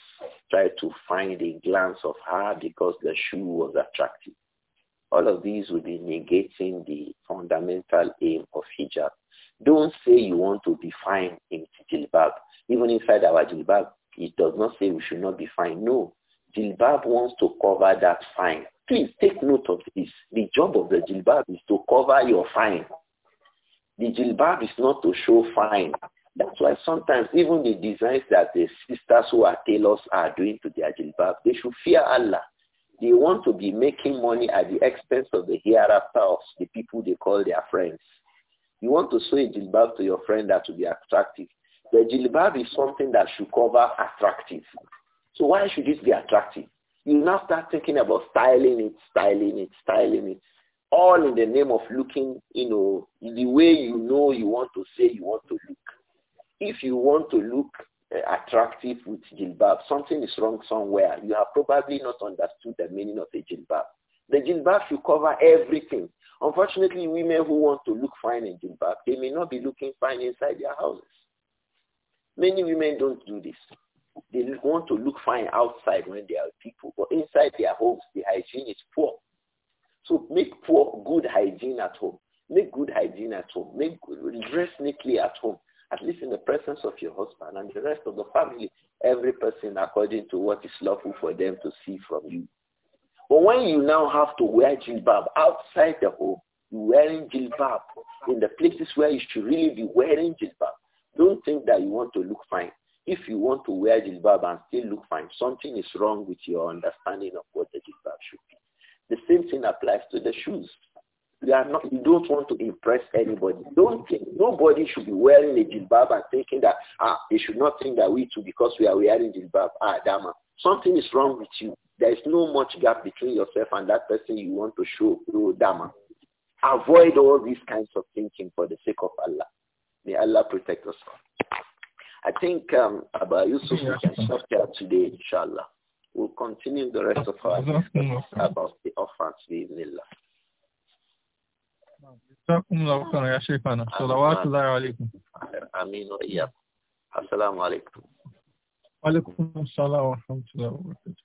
try to find a glance of her because the shoe was attractive. All of these will be negating the fundamental aim of hijab. Don't say you want to be fine in jilbab. Even inside our jilbab, it does not say we should not be fine. No, jilbab wants to cover that fine. Please take note of this. The job of the jilbab is to cover your fine. The jilbab is not to show fine. That's why sometimes even the designs that the sisters who are tailors are doing to their jilbab, they should fear Allah. They want to be making money at the expense of the hereafter of the people they call their friends. You want to sew a jilbab to your friend that will be attractive. The jilbab is something that should cover attractive. So why should it be attractive? You now start thinking about styling it, styling it, styling it. All in the name of looking, you know, the way you know you want to say you want to look. If you want to look uh, attractive with jilbab, something is wrong somewhere. You have probably not understood the meaning of a jilbab. The jilbab should cover everything. Unfortunately, women who want to look fine in jilbab, they may not be looking fine inside their houses. Many women don't do this. They want to look fine outside when they are people, but inside their homes, the hygiene is poor. So make poor good hygiene at home. Make good hygiene at home. Make dress neatly at home. At least in the presence of your husband and the rest of the family. Every person according to what is lawful for them to see from you. But when you now have to wear jilbab outside the home, you're wearing jilbab in the places where you should really be wearing jilbab. Don't think that you want to look fine. If you want to wear jilbab and still look fine, something is wrong with your understanding of what the jilbab should be. The same thing applies to the shoes. You are not. You don't want to impress anybody. Don't think nobody should be wearing a jilbab and thinking that ah they should not think that we too because we are wearing jilbab ah dama something is wrong with you. There is no much gap between yourself and that person you want to show through dama. Avoid all these kinds of thinking for the sake of Allah. May Allah protect us. I think um, Yusuf, we can stop here today, inshallah. We'll continue the rest of our discussion about the offense of the Allah. Assalamu alaikum. Wa alaikum assalam